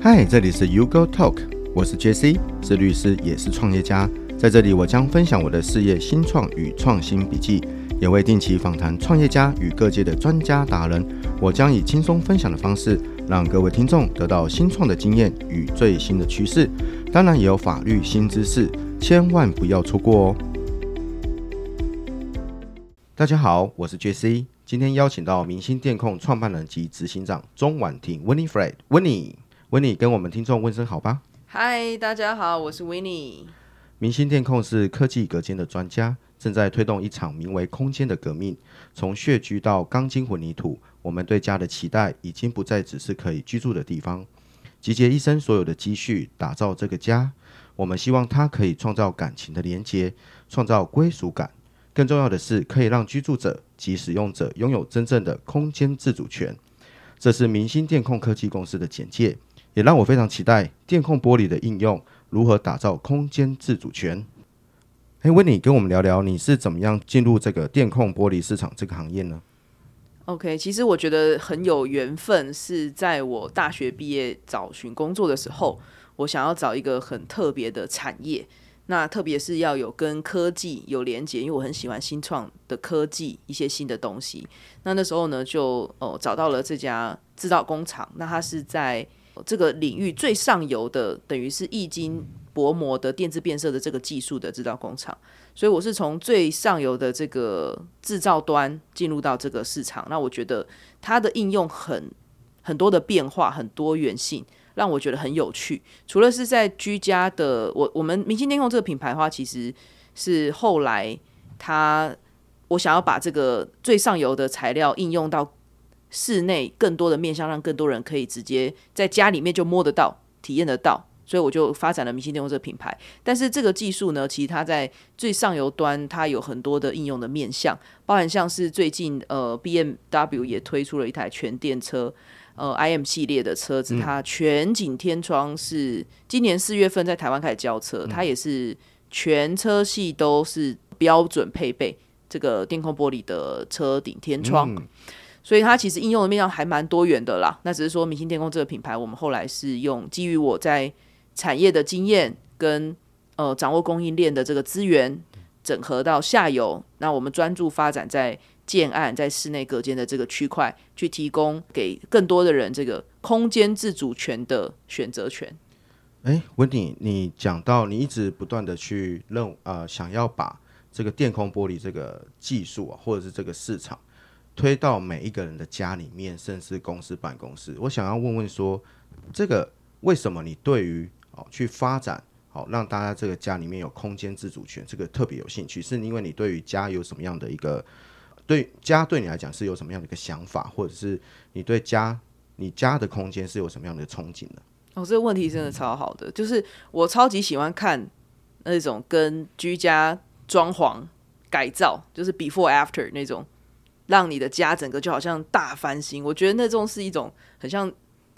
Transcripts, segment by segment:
嗨，這裡是 U Go Talk，我是 JC，是律師也是創業家。在這裡，我將分享我的事業新創與創新筆記，也會定期訪談創業家與各界的專家達人。我將以輕鬆分享的方式，讓各位聽眾得到新創的經驗與最新的趨勢，當然也有法律新知識，千萬不要錯過哦。大家好，我是 JC，今天邀請到明星電控創辦人及執行長鍾菀婷 Winifred Winnie。維尼跟我們聽眾問聲好吧。嗨，大家好，我是維尼。明星電控是科技隔間的專家，正在推動一場名為“空間”的革命。從穴居到鋼筋混凝土，我們對家的期待已經不再只是可以居住的地方。集結一生所有的積蓄，打造這個家。我們希望它可以創造感情的連接，創造歸屬感。更重要的是，可以讓居住者及使用者擁有真正的空間自主權。這是明星電控科技公司的簡介。也讓我非常期待電控玻璃的應用，如何打造空間自主權？哎，Wini，跟我們聊聊你是怎麼樣進入這個電控玻璃市場這個行業呢？OK，其實我覺得很有緣分，是在我大學畢業找尋工作的時候，我想要找一個很特別的產業，那特別是要有跟科技有連接，因為我很喜歡新創的科技一些新的東西。那那時候呢，就哦找到了這家製造工廠，那它是在。這個領域最上游的，等於是液晶薄膜的電子變色的這個技術的制造工廠，所以我是從最上游的這個制造端進入到這個市場。那我覺得它的應用很很多的變化，很多元性，讓我覺得很有趣。除了是在居家的，我我們明星電控這個品牌的話，其實是後來它我想要把這個最上游的材料應用到。室內更多的面向，讓更多人可以直接在家裡面就摸得到、體驗得到，所以我就發展了明星電控這個品牌。但是這個技術呢，其實它在最上游端，它有很多的應用的面向，包含像是最近呃，BMW 也推出了一台全電車，呃，IM 系列的車子，嗯，它全景天窗是今年四月份在台灣開始交車，嗯，它也是全車系都是標準配備這個電控玻璃的車頂天窗。嗯所以它其實應用的面料還蠻多元的啦。那只是說，明星電控這個品牌，我們後來是用基於我在產業的經驗跟呃掌握供應鏈的這個資源，整合到下游。那我們專注發展在建案、在室內隔間的這個區塊，去提供給更多的人這個空間自主權的選擇權。哎，菀婷你講到你一直不斷的去認啊、呃，想要把這個電控玻璃這個技術啊，或者是這個市場。推到每一個人的家裡面，甚至公司辦公室。我想要問問說，這個為什麼你對於哦去發展好、哦、讓大家這個家裡面有空間自主權，這個特別有興趣？是因為你對於家有什麼樣的一個對家對你來講是有什麼樣的一個想法，或者是你對家你家的空間是有什麼樣的憧憬呢，啊？哦，這個問題真的超好的，嗯，就是我超級喜歡看那種跟居家裝潢改造，就是 before after 那種。讓你的家整個就好像大翻新，我覺得那種是一種很像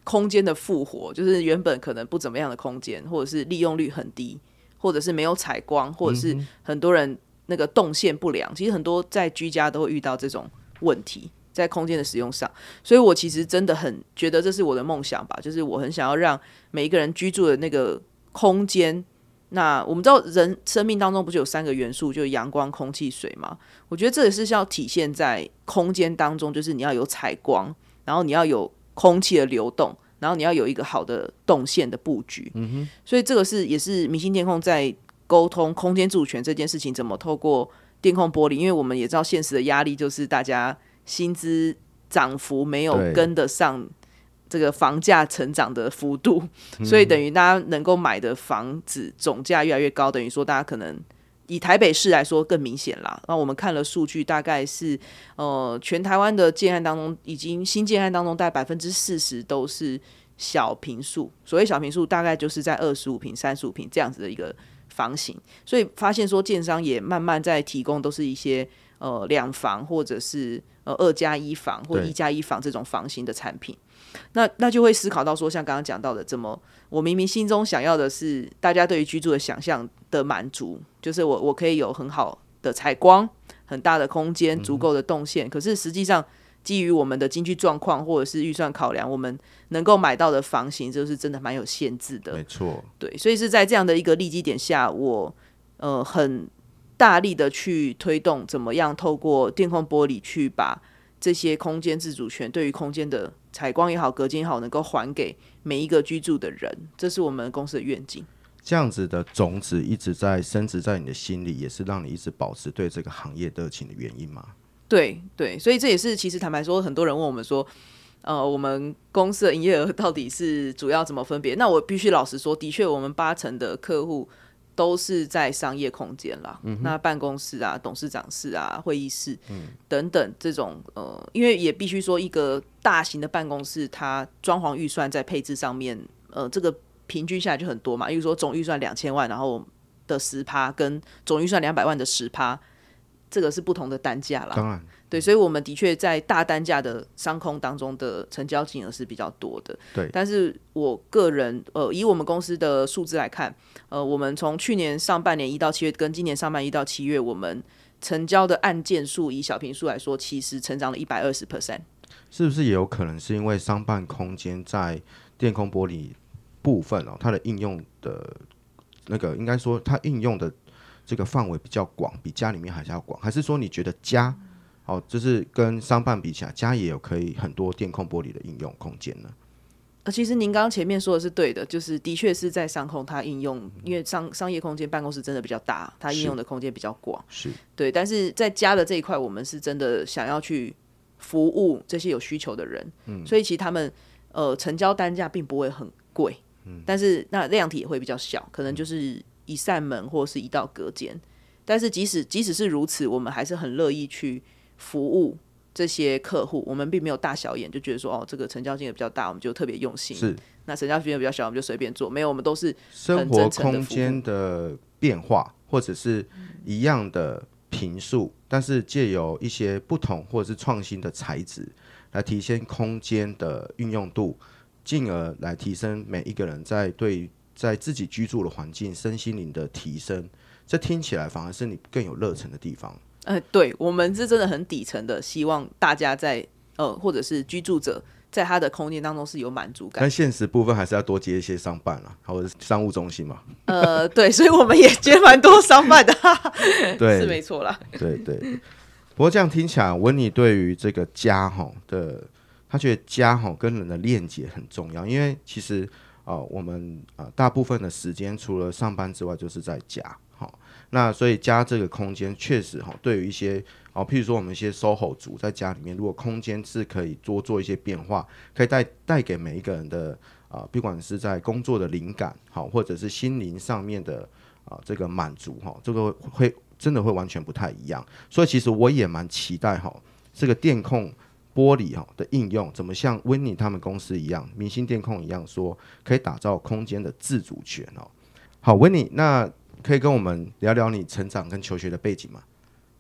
空間的復活，就是原本可能不怎麼樣的空間，或者是利用率很低，或者是沒有採光，或者是很多人那個動線不良。其實很多在居家都會遇到這種問題，在空間的使用上。所以我其實真的很覺得這是我的夢想吧，就是我很想要讓每一個人居住的那個空間。那我們知道人生命當中不是有三個元素，就是陽光、空氣、水嘛？我覺得這也是需要體現在空間當中，就是你要有採光，然後你要有空氣的流動，然後你要有一個好的動線的布局。嗯哼，所以這個是也是明星電控在溝通空間主權這件事情怎麼透過電控玻璃，因為我們也知道現實的壓力就是大家薪資漲幅沒有跟得上，這個房價成長的幅度，所以等於大家能夠買的房子總價越來越高，等於說大家可能以台北市來說更明顯啦。那我們看了數據，大概是呃，全台灣的建案當中，已經新建案當中大概百分之四十都是小坪數。所謂小坪數，大概就是在二十五坪、三十五坪這樣子的一個房型。所以發現說，建商也慢慢在提供，都是一些呃兩房或者是呃二加一房或一加一房這種房型的產品。那那就會思考到說，像剛剛講到的，怎麼我明明心中想要的是大家對於居住的想象的滿足，就是我我可以有很好的採光、很大的空間、足夠的動線，嗯、可是實際上基於我們的經濟狀況或者是預算考量，我們能夠買到的房型就是真的蠻有限制的。沒錯，對，所以是在這樣的一個利基點下，我呃很大力的去推動，怎麼樣透過電控玻璃去把。這些空間自主權，對於空間的採光也好、隔間也好，能夠還給每一個居住的人，這是我們公司的願景。這樣子的種子一直在升值，在你的心裡，也是讓你一直保持對這個行業熱情的原因嗎？對對，所以這也是其實坦白說，很多人問我們說，呃，我們公司的營業額到底是主要怎麼分別？那我必須老實說，的確，我們八成的客戶。都是在商業空間啦、嗯，那辦公室啊、董事長室啊、會議室等等這種，嗯、呃，因為也必須說一個大型的辦公室，它裝潢預算在配置上面，呃，這個平均下來就很多嘛。比如說總預算兩千萬，然後的十趴，跟總預算兩百萬的十趴，這個是不同的單價啦，當然，對，所以我們的確在大單價的商空當中的成交金額是比較多的。對，但是我個人，呃，以我們公司的數字來看，呃，我們從去年上半年一到七月跟今年上半年一到七月，我們成交的案件數以小坪數來說，其實成長了一百二十 percent。是不是也有可能是因為商辦空間在電控玻璃部分哦，它的應用的那個應該說它應用的。這個範圍比較廣，比家裡面還是要廣，還是說你覺得家，哦，就是跟商辦比起來，家也有可以很多電控玻璃的應用空間呢？呃，其實您剛剛前面說的是對的，就是的確是在商控它應用，因為商商業空間、辦公室真的比較大，它應用的空間比較廣，是，是對。但是在家的這一塊，我們是真的想要去服務這些有需求的人，嗯，所以其實他們呃成交單價並不會很貴，嗯，但是那量體也會比較小，可能就是。一扇門或者是一道隔間，但是即使即使是如此，我們還是很樂意去服務這些客戶。我們並沒有大小眼，就覺得說哦，這個成交金額比較大，我們就特別用心。是，那成交金額比較小，我們就隨便做。沒有，我們都是生活空間的變化，或者是一樣的坪數，嗯，但是借由一些不同或者是創新的材質來提升空間的運用度，進而來提升每一個人在對。在自己居住的環境、身心靈的提升，這聽起來反而是你更有熱忱的地方。呃，對，我們是真的很底層的，希望大家在呃，或者是居住者在他的空間當中是有滿足感。但現實部分還是要多接一些商辦了、啊，或者是商務中心嘛。呃，對，所以我們也接蠻多商辦的、啊， 對，是沒錯啦。對對，對，不過這樣聽起來，溫妮對於這個家哈的、哦，他覺得家哈、哦、跟人的鏈接很重要，因為其實。啊，我們啊，大部分的時間除了上班之外，就是在家。好，那所以家這個空間確實哈，對於一些啊，譬如說我們一些 SOHO 族，在家裡面，如果空間是可以多做一些變化，可以帶帶給每一個人的啊，不管是在工作的靈感，好，或者是心靈上面的啊，這個滿足哈，這個會真的會完全不太一樣。所以其實我也蠻期待哈，這個電控。玻璃哈的應用，怎麼像 Winnie 他們公司一樣，明星電控一樣說，說可以打造空間的自主權哦。好，Winnie，那可以跟我們聊聊你成長跟求學的背景嗎？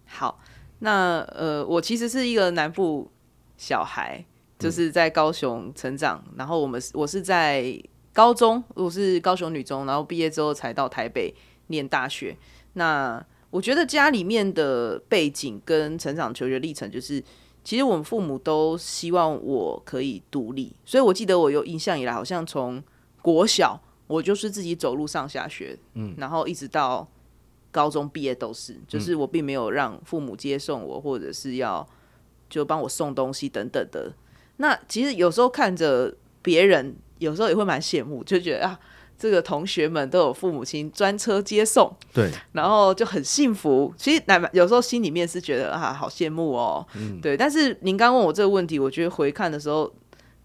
好，那呃，我其實是一個南部小孩，就是在高雄成長，嗯、然後我們我是在高中，我是高雄女中，然後畢業之後才到台北念大學。那我覺得家裡面的背景跟成長求學歷程就是。其實我們父母都希望我可以獨立，所以我記得我有印象以來，好像從國小我就是自己走路上下學，嗯，然後一直到高中畢業都是，就是我並沒有讓父母接送我，或者是要就幫我送東西等等的。那其實有時候看着別人，有時候也會蠻羨慕，就覺得啊。這個同學們都有父母親專車接送，對，然後就很幸福。其實奶有時候心裡面是覺得啊，好羨慕哦，嗯，對。但是您剛問我這個問題，我覺得回看的時候，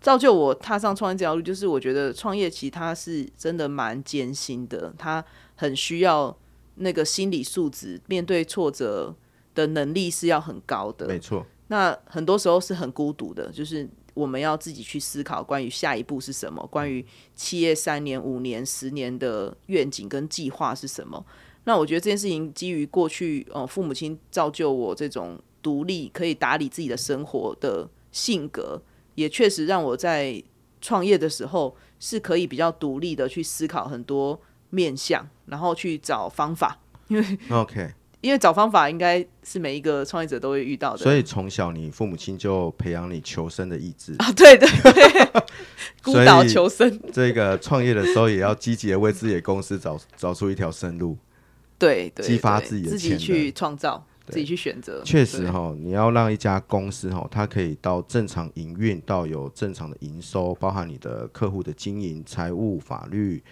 造就我踏上創業這條路，就是我覺得創業其實他是真的蠻艱辛的，他很需要那個心理素質，面對挫折的能力是要很高的，沒錯。那很多時候是很孤獨的，就是。我們要自己去思考關於下一步是什麼，關於企業三年、五年、十年的願景跟計劃是什麼。那我覺得這件事情基於過去，呃，父母親造就我這種獨立可以打理自己的生活的性格，也確實讓我在創業的時候是可以比較獨立的去思考很多面向，然後去找方法。因 為 OK。因為找方法應該是每一個創業者都會遇到的，所以從小你父母親就培養你求生的意志。啊，對對對， 孤島求生，這個創業的時候也要積極的為自己的公司找 找出一條生路。對，對，對，激發自己的、的自己去創造，自己去選擇。確實哈、哦，你要讓一家公司哈、哦，它可以到正常營運，到有正常的營收，包含你的客戶的經營、財務、法律。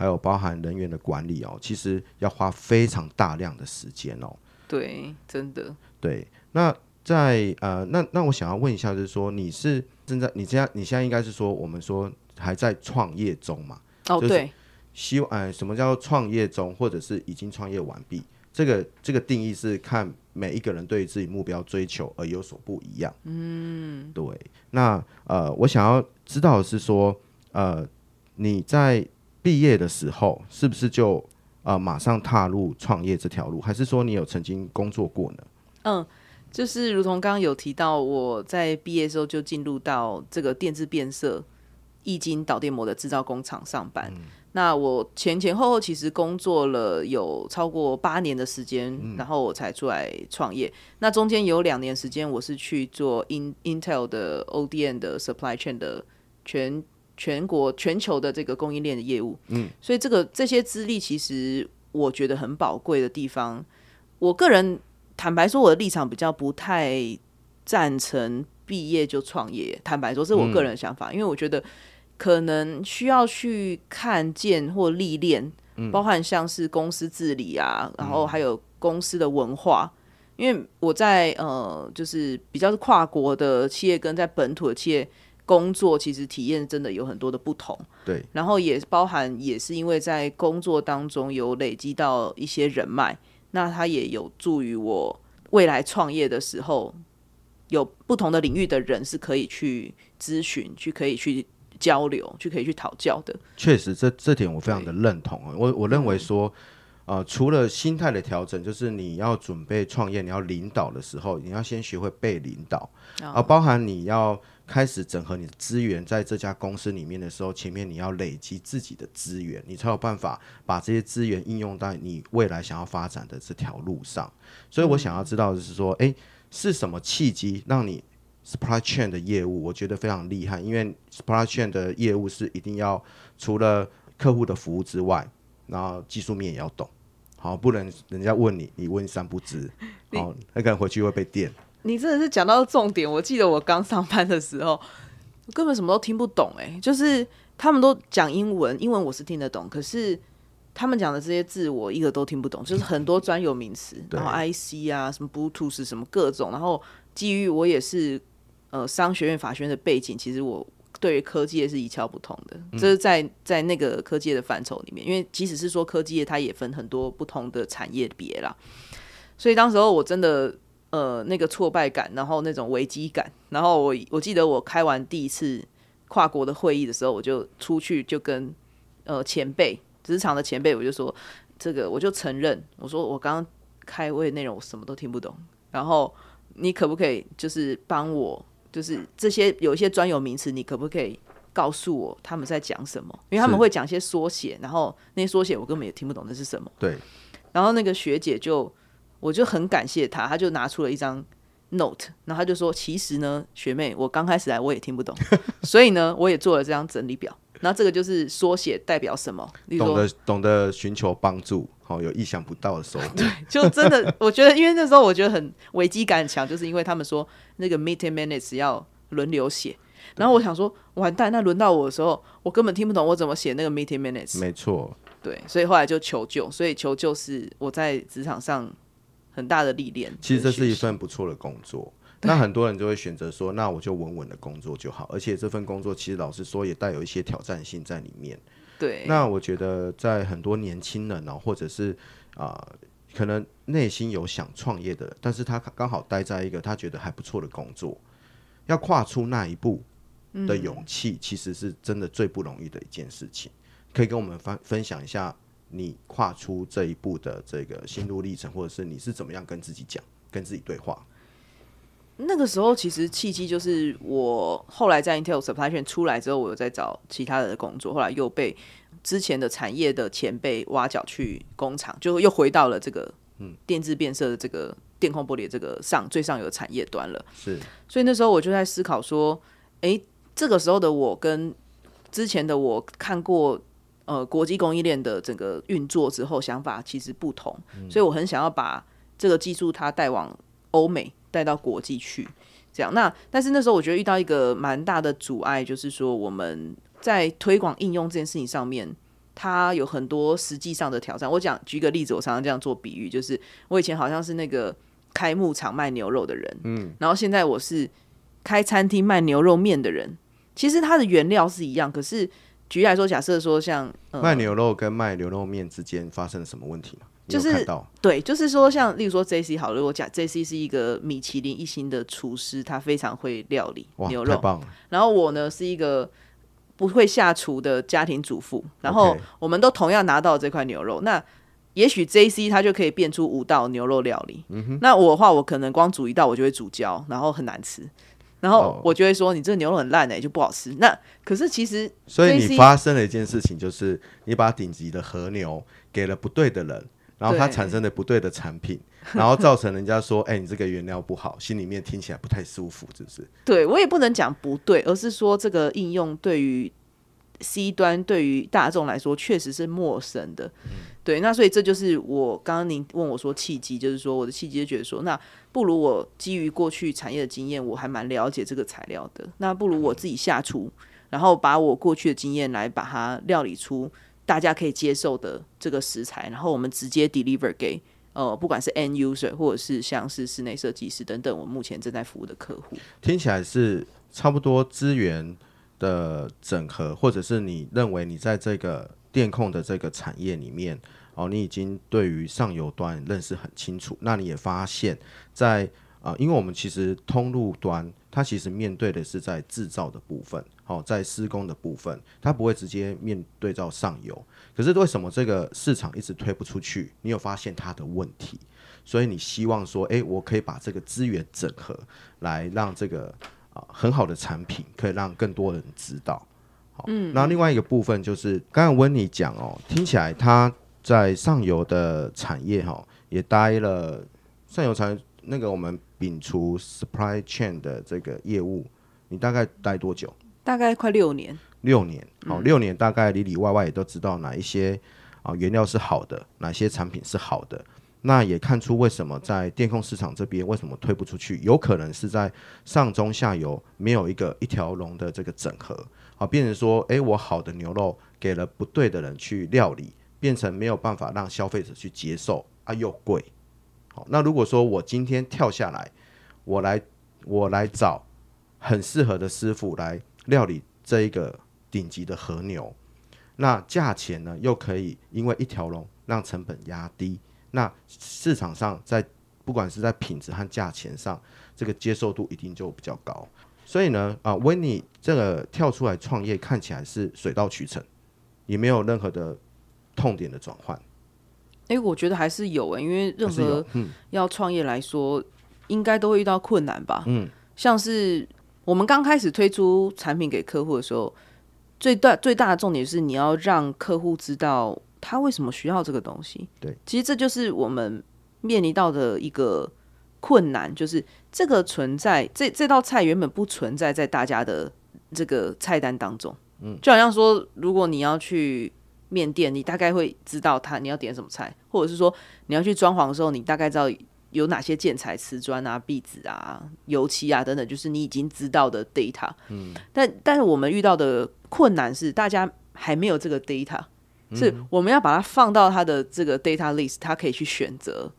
還有包含人員的管理哦，其實要花非常大量的時間哦。對，真的。對，那在呃，那那我想要問一下，就是說你是正在你這樣你現在應該是說我們說還在創業中嘛？哦，就是、對。希望、呃、什麼叫創業中，或者是已經創業完畢？這個這個定義是看每一個人對自己目標追求而有所不一樣。嗯，對。那呃，我想要知道的是說呃，你在。畢業的時候是不是就啊、呃、馬上踏入創業這條路，還是說你有曾經工作過呢？嗯，就是如同剛剛有提到，我在畢業之後就進入到這個電子變色液晶導電膜的制造工廠上班、嗯。那我前前後後其實工作了有超過八年的時間、嗯，然後我才出來創業、嗯。那中間有兩年時間，我是去做 In Intel 的 ODM 的 Supply Chain 的全。全國、全球的這個供應鏈的業務，嗯，所以這個這些資歷其實我覺得很寶貴的地方。我個人坦白說，我的立場比較不太贊成畢業就創業。坦白說，這是我個人的想法，因為我覺得可能需要去看見或歷練，包含像是公司治理啊，然後還有公司的文化。因為我在呃，就是比較是跨國的企業跟在本土的企業。工作其實體驗真的有很多的不同，對，然後也包含也是因為在工作當中有累積到一些人脈，那它也有助於我未來創業的時候有不同的領域的人是可以去諮詢、去可以去交流、去可以去討教的。確實，這這點我非常的認同啊！我我認為說、嗯，呃，除了心態的調整，就是你要準備創業，你要領導的時候，你要先學會被領導、哦、啊，包含你要。開始整合你的資源，在這家公司裡面的時候，前面你要累積自己的資源，你才有辦法把這些資源應用在你未來想要發展的這條路上。所以我想要知道的是說，嗯，誒，是什麼契機讓你 supply chain 的業務？我覺得非常厲害，因為 supply chain 的業務是一定要除了客戶的服務之外，然後技術面也要懂，好，不能人家問你，你問三不知，好，那可能回去會被電。你真的是講到重點。我記得我剛上班的時候，我根本什麼都聽不懂、欸。哎，就是他們都講英文，英文我是聽得懂，可是他們講的這些字，我一個都聽不懂。就是很多專有名詞， 然後 IC 啊，什麼 Bluetooth，什麼各種，然後基於我也是呃商學院法學院的背景，其實我對於科技業是一竅不通的。這是、嗯就是在在那個科技的範疇裡面，因為即使是說科技業，它也分很多不同的產業別啦。所以當時候我真的。呃，那個挫敗感，然後那種危機感，然後我我記得我開完第一次跨國的會議的時候，我就出去就跟呃前輩，職場的前輩，我就說這個我就承認，我說我剛剛開會內容我什麼都聽不懂，然後你可不可以就是幫我，就是這些有一些專有名詞，你可不可以告訴我他們在講什麼？因為他們會講一些縮寫，然後那些縮寫我根本也聽不懂那是什麼。對，然後那個學姐就。我就很感謝他，他就拿出了一張 note，然後他就說：“其實呢，學妹，我剛開始來我也聽不懂， 所以呢，我也做了這張整理表。然後這個就是縮寫代表什麼？懂得懂得尋求幫助，好、哦、有意想不到的收穫。 對，就真的，我覺得，因為那時候我覺得很危機感很強， 就是因為他們說那個 meeting minute minutes 要輪流寫，然後我想說，完蛋，那輪到我的時候，我根本聽不懂，我怎麼寫那個 meeting minute minutes？沒錯，對，所以後來就求救，所以求救是我在職場上。”很大的歷練，其實這是一份不錯的工作。那很多人就會選擇說：“那我就穩穩的工作就好。”而且這份工作其實老實說也帶有一些挑戰性在裡面。對。那我覺得在很多年輕人呢、哦，或者是啊、呃，可能內心有想創業的，但是他剛好待在一個他覺得還不錯的工作，要跨出那一步的勇氣，其實是真的最不容易的一件事情。嗯、可以跟我們分分享一下，你跨出這一步的這個心路歷程，或者是你是怎麼樣跟自己講、跟自己對話？那個時候其實契機就是我後來在 Intel Supply Chain 出來之後，我又在找其他的工作，後來又被之前的產業的前輩挖角去工廠，就又回到了這個嗯電子變色的這個電控玻璃這個上、嗯、最上游產業端了。是，所以那時候我就在思考說，欸、這個時候的我跟之前的我看過。呃，國際供應鏈的整個運作之後，想法其實不同，所以我很想要把這個技術它帶往歐美，帶到國際去。這樣，那但是那時候我覺得遇到一個蠻大的阻礙，就是說我們在推廣應用這件事情上面，它有很多實際上的挑戰。我講舉個例子，我常常這樣做比喻，就是我以前好像是那個開牧場賣牛肉的人，嗯，然後現在我是開餐廳賣牛肉麵的人，其實它的原料是一樣，可是。舉例來說，假設說像賣、嗯、牛肉跟賣牛肉麵之間發生了什麼問題嗎？就是對，就是說像例如說 J C 好了，如果假 J C 是一個米其林一星的廚師，他非常會料理牛肉，哇太棒；然後我呢是一個不會下廚的家庭主婦，然後我們都同樣拿到這塊牛肉，okay、那也許 J C 他就可以變出五道牛肉料理、嗯哼，那我的話我可能光煮一道我就會煮焦，然後很難吃。然後我就會說，你這個牛肉很爛誒、欸，就不好吃。那可是其實，所以你發生了一件事情，就是你把頂級的和牛給了不對的人，然後它產生了不對的產品，然後造成人家說， 哎，你這個原料不好，心裡面聽起來不太舒服，是不是？對，我也不能講不對，而是說這個應用對於。C 端對於大眾來說確實是陌生的，對。那所以這就是我剛剛您問我說契機，就是說我的契機就覺得說，那不如我基於過去產業的經驗，我還蠻了解這個材料的。那不如我自己下廚，然後把我過去的經驗來把它料理出大家可以接受的這個食材，然後我們直接 deliver 給呃，不管是 end user 或者是像是室內設計師等等，我目前正在服務的客戶。聽起來是差不多資源。的整合，或者是你認為你在這個電控的這個產業裡面，哦，你已經對於上游端認識很清楚。那你也發現在，在、呃、啊，因為我們其實通路端，它其實面對的是在制造的部分，好、哦，在施工的部分，它不會直接面對到上游。可是為什麼這個市場一直推不出去？你有發現它的問題？所以你希望說，誒、欸，我可以把這個資源整合，來讓這個。哦、很好的產品可以讓更多人知道，好、哦嗯。那另外一個部分就是，剛剛溫妮講哦，聽起來他在上游的產業哈、哦、也待了上游產業那個我們摒除 supply chain 的這個業務，你大概待多久？大概快六年。六年哦、嗯，六年大概裡裡外外也都知道哪一些啊、哦、原料是好的，哪些產品是好的。那也看出為什麼在電控市場這邊為什麼推不出去，有可能是在上中下游沒有一個一條龍的這個整合，好，變成說，哎、欸，我好的牛肉給了不對的人去料理，變成沒有辦法讓消費者去接受啊，又貴，好，那如果說我今天跳下來，我來我來找很適合的師傅來料理這一個頂級的和牛，那價錢呢又可以因為一條龍讓成本壓低。那市場上在不管是在品質和價錢上，這個接受度一定就比較高。所以呢，啊，Wini 這個跳出來創業看起來是水到渠成，也沒有任何的痛點的轉換。誒、欸，我覺得還是有、欸、因為任何要創業來說、嗯，應該都會遇到困難吧？嗯，像是我們剛開始推出產品給客戶的時候，最大最大的重點是你要讓客戶知道。他為什麼需要這個東西？對，其實這就是我們面臨到的一個困難，就是這個存在，這這道菜原本不存在在大家的這個菜單當中。嗯，就好像說，如果你要去麵店，你大概會知道他你要點什麼菜，或者是說你要去裝潢的時候，你大概知道有哪些建材、瓷磚啊、壁紙啊、油漆啊等等，就是你已經知道的 data。嗯，但但是我們遇到的困難是，大家還沒有這個 data。是，我們要把它放到它的這個 data list，他可以去選擇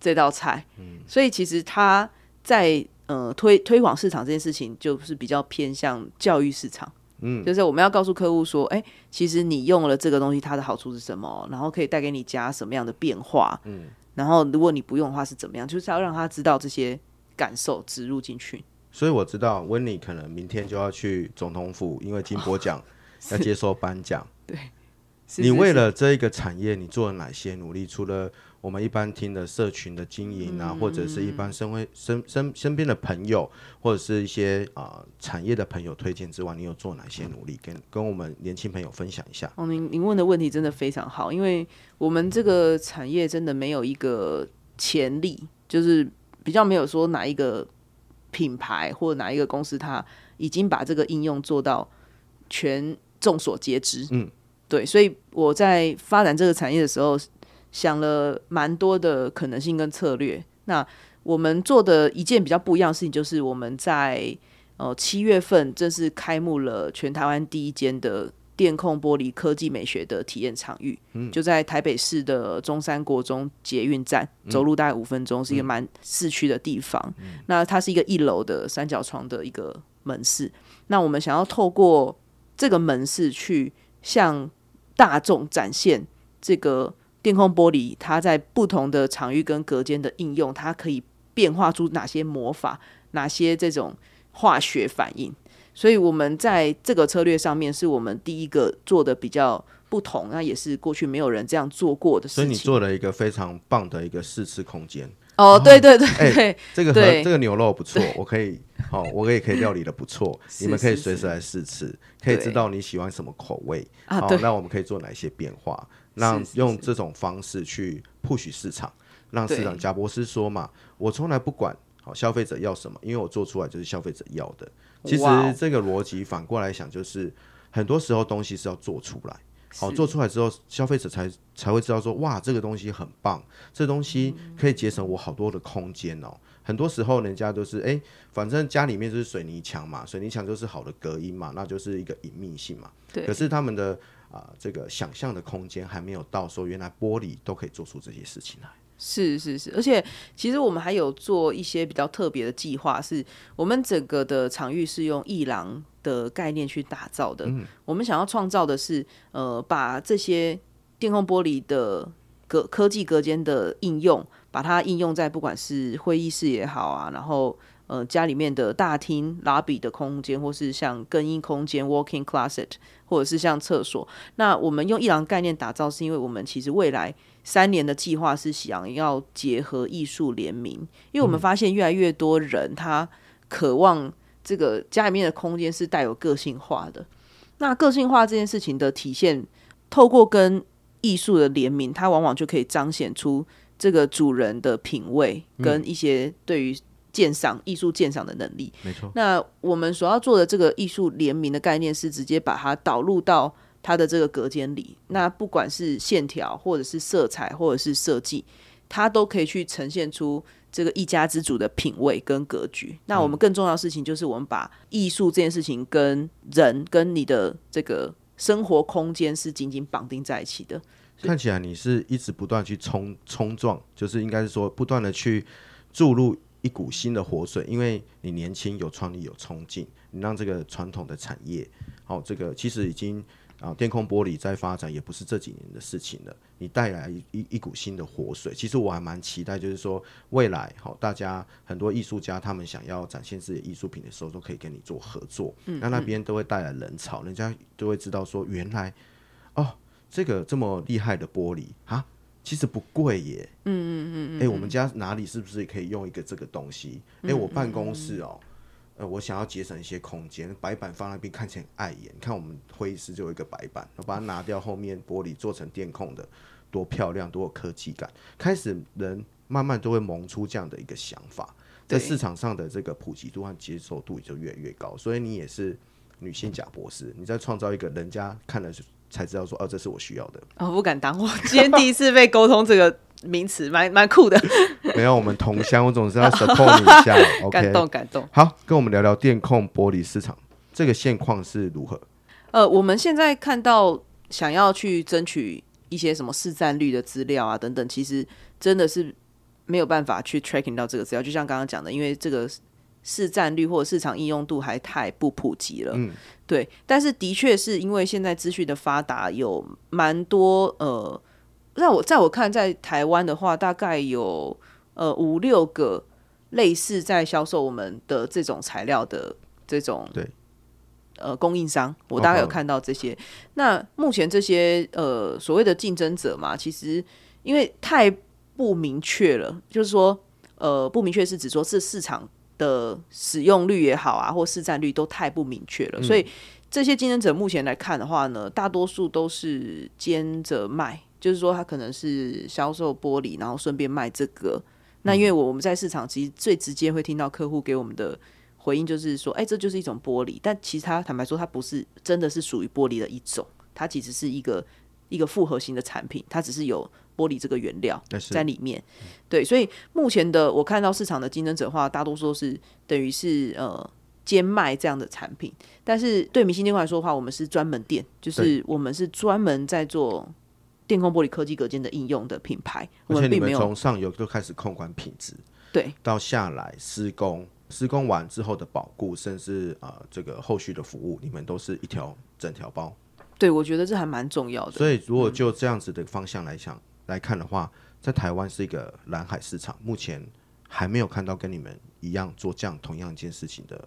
這道菜。嗯，所以其實他在呃推推廣市場這件事情，就是比較偏向教育市場。嗯，就是我們要告訴客戶說，哎、欸，其實你用了這個東西，它的好處是什麼，然後可以帶給你家什麼樣的變化。嗯，然後如果你不用的話是怎麼樣，就是要讓他知道這些感受植入進去。所以我知道溫妮可能明天就要去總統府，因為金博獎 要接受頒獎。 對。是是是，你為了這一個產業，你做了哪些努力？除了我們一般聽的社群的經營啊，嗯嗯，或者是一般身為身身身邊的朋友，或者是一些啊、呃、產業的朋友推薦之外，你有做哪些努力？跟跟我們年輕朋友分享一下。哦，您您問的問題真的非常好，因為我們這個產業真的沒有一個潛力，就是比較沒有說哪一個品牌或哪一個公司，它已經把這個應用做到全眾所皆知。嗯。對，所以我在發展這個產業的時候，想了蠻多的可能性跟策略。那我們做的一件比較不一樣的事情，就是我們在呃七月份正式開幕了全台灣第一間的電控玻璃科技美學的體驗場域，嗯、就在台北市的中山國中捷運站，走路大概五分鐘、嗯，是一個蠻市區的地方、嗯。那它是一個一樓的三角窗的一個門市。那我們想要透過這個門市去向大眾展現這個電控玻璃，它在不同的場域跟隔間的應用，它可以變化出哪些魔法，哪些這種化學反應？所以我們在這個策略上面，是我們第一個做的比較不同，那也是過去沒有人這樣做過的事情。所以你做了一個非常棒的一個試吃空間。哦、oh，對對對，哎、欸，這個和這個牛肉不錯，我可以，好、哦，我也可以料理的不錯， 你們可以隨時來試吃。是是是，可以知道你喜歡什麼口味。好、哦啊，那我們可以做哪些變化？讓用這種方式去 push 市場，讓市場。賈伯斯說嘛，我從來不管，好，消費者要什麼，因為我做出來就是消費者要的。其實這個邏輯反過來想，就是很多時候東西是要做出來。好、哦、做出來之後，消費者才才會知道說，哇，這個東西很棒，這東西可以節省我好多的空間哦、嗯。很多時候，人家都是哎、欸，反正家裡面就是水泥牆嘛，水泥牆就是好的隔音嘛，那就是一個隱密性嘛。對。可是他們的啊、呃，這個想象的空間還沒有到說，說原來玻璃都可以做出這些事情來。是是是，而且其實我們還有做一些比較特別的計劃，是我們整個的場域是用藝廊的概念去打造的、嗯，我們想要創造的是，呃，把這些電控玻璃的隔科技隔間的應用，把它應用在不管是會議室也好啊，然後呃家裡面的大廳、Lobby 的空間，或是像更衣空間、walk-in closet，或者是像廁所。那我們用一郎概念打造，是因為我們其實未來三年的計劃是想要結合藝術聯名，嗯、因為我們發現越來越多人他渴望。這個家裡面的空間是帶有個性化的，那個性化這件事情的體現，透過跟藝術的聯名，它往往就可以彰顯出這個主人的品味跟一些對於鑑賞藝術鑑賞的能力。沒錯。嗯。那我們所要做的這個藝術聯名的概念，是直接把它導入到它的這個隔間裡。那不管是線條，或者是色彩，或者是設計，它都可以去呈現出。這個一家之主的品味跟格局，那我們更重要的事情就是，我們把藝術這件事情跟人跟你的這個生活空間是緊緊綁定在一起的。看起來你是一直不斷去衝衝撞，就是應該是說不斷的去注入一股新的活水，因為你年輕有創意、有衝勁，你讓這個傳統的產業，好、哦，這個其實已經。啊，電控玻璃在發展也不是這幾年的事情了，你帶來一一,一股新的活水。其實我還蠻期待，就是說未來好、哦，大家很多藝術家他們想要展現自己的藝術品的時候，都可以跟你做合作、嗯嗯。那那邊都會帶來人潮，人家都會知道說，原來哦，這個這麼厲害的玻璃啊，其實不貴耶。嗯嗯嗯嗯。哎、嗯嗯，我們家哪裡是不是也可以用一個這個東西？哎、嗯嗯嗯，我辦公室哦。呃，我想要節省一些空間，白板放那邊看起來很礙眼。你看我們會議室就有一個白板，我把它拿掉，後面玻璃做成電控的，多漂亮，多有科技感。開始人慢慢都會萌出這樣的一個想法，在市場上的這個普及度和接受度也就越來越高。所以你也是女性假博士，你在創造一個人家看了才知道說，哦，這是我需要的。啊、哦，不敢當，我今天第一次被溝通這個。 名詞蠻蠻酷的， 沒有我們同鄉。 我總是要 support 一下。 OK，感動感動。好，跟我們聊聊電控玻璃市場這個現況是如何？呃，我們現在看到想要去爭取一些什麼市占率的資料啊等等，其實真的是沒有辦法去 tracking 到這個資料。就像剛剛講的，因為這個市占率或者市場應用度還太不普及了。嗯，對。但是的確是因為現在資訊的發達，有蠻多呃。在我在我看，在台灣的話，大概有呃五六個類似在銷售我們的這種材料的這種對呃供應商，我大概有看到這些。好好，那目前這些呃所謂的競爭者嘛，其實因為太不明確了，就是說呃不明確是指說這市場的使用率也好啊，或市占率都太不明確了，嗯。所以這些競爭者目前來看的話呢，大多數都是兼着賣。就是說，它可能是銷售玻璃，然後順便賣這個。那因為我們在市場其實最直接會聽到客戶給我們的回應，就是說，哎、嗯欸，這就是一種玻璃。但其實它坦白說，它不是真的是屬於玻璃的一種，它其實是一個一個複合型的產品，它只是有玻璃這個原料在裡面。欸嗯、對，所以目前的我看到市場的競爭者的話，大多數是等於是呃兼賣這樣的產品。但是對明星電控來說的話，我們是專門店，就是我們是專門在做電控玻璃科技隔間的應用的品牌，而且你們從上游都開始控管品質，對，到下來施工，施工完之後的保固，甚至啊、呃、這個後續的服務，你們都是一條整條包。對，我覺得這還蠻重要的。所以如果就這樣子的方向來想、嗯、來看的話，在台灣是一個藍海市場，目前還沒有看到跟你們一樣做這樣同樣一件事情的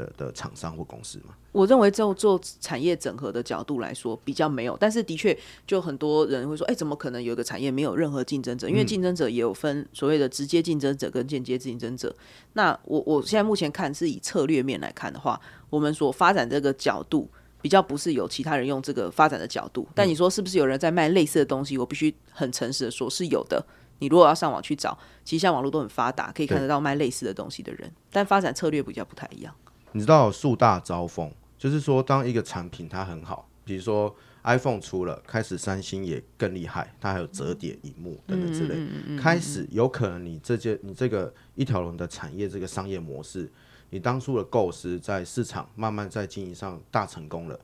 的的廠商或公司嗎？我認為，就做產業整合的角度來說，比較沒有。但是，的確，就很多人會說，哎、欸，怎麼可能有一個產業沒有任何競爭者？因為競爭者也有分所謂的直接競爭者跟間接競爭者。嗯、那我我現在目前看，是以策略面來看的話，我們所發展這個角度比較不是有其他人用這個發展的角度。但你說是不是有人在賣類似的東西？我必須很誠實的說，是有的。你如果要上網去找，其實像網絡都很發達，可以看得到賣類似的東西的人，但發展策略比較不太一樣。你知道樹大招風，就是說，當一個產品它很好，比如說 iPhone 出了，開始三星也更厲害，它還有折疊熒幕等等之類嗯嗯嗯嗯嗯嗯，開始有可能你這件、你這個一條龍的產業這個商業模式，你當初的構思在市場慢慢在經營上大成功了，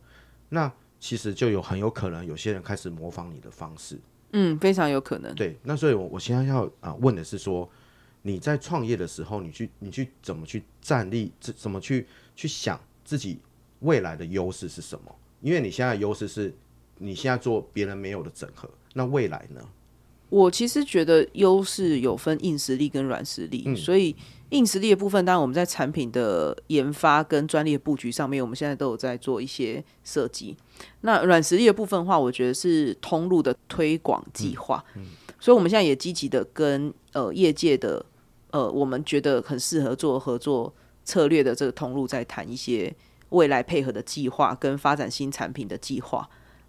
那其實就有很有可能有些人開始模仿你的方式，嗯，非常有可能。對，那所以我我現在要啊、呃、問的是說。你在創業的時候，你去你去怎麼去站立？怎麼去去想自己未來的優勢是什麼？因為你現在的優勢是，你現在做別人沒有的整合。那未來呢？我其實覺得優勢有分硬實力跟軟實力。嗯，所以硬實力的部分，當然我們在產品的研發跟專利的佈局上面，我們現在都有在做一些設計。那軟實力的部分的話，我覺得是通路的推廣計劃。嗯，所以我們現在也積極的跟呃業界的。呃，我們覺得很適合做合作策略的這個通路，在談一些未來配合的計劃跟發展新產品的計劃。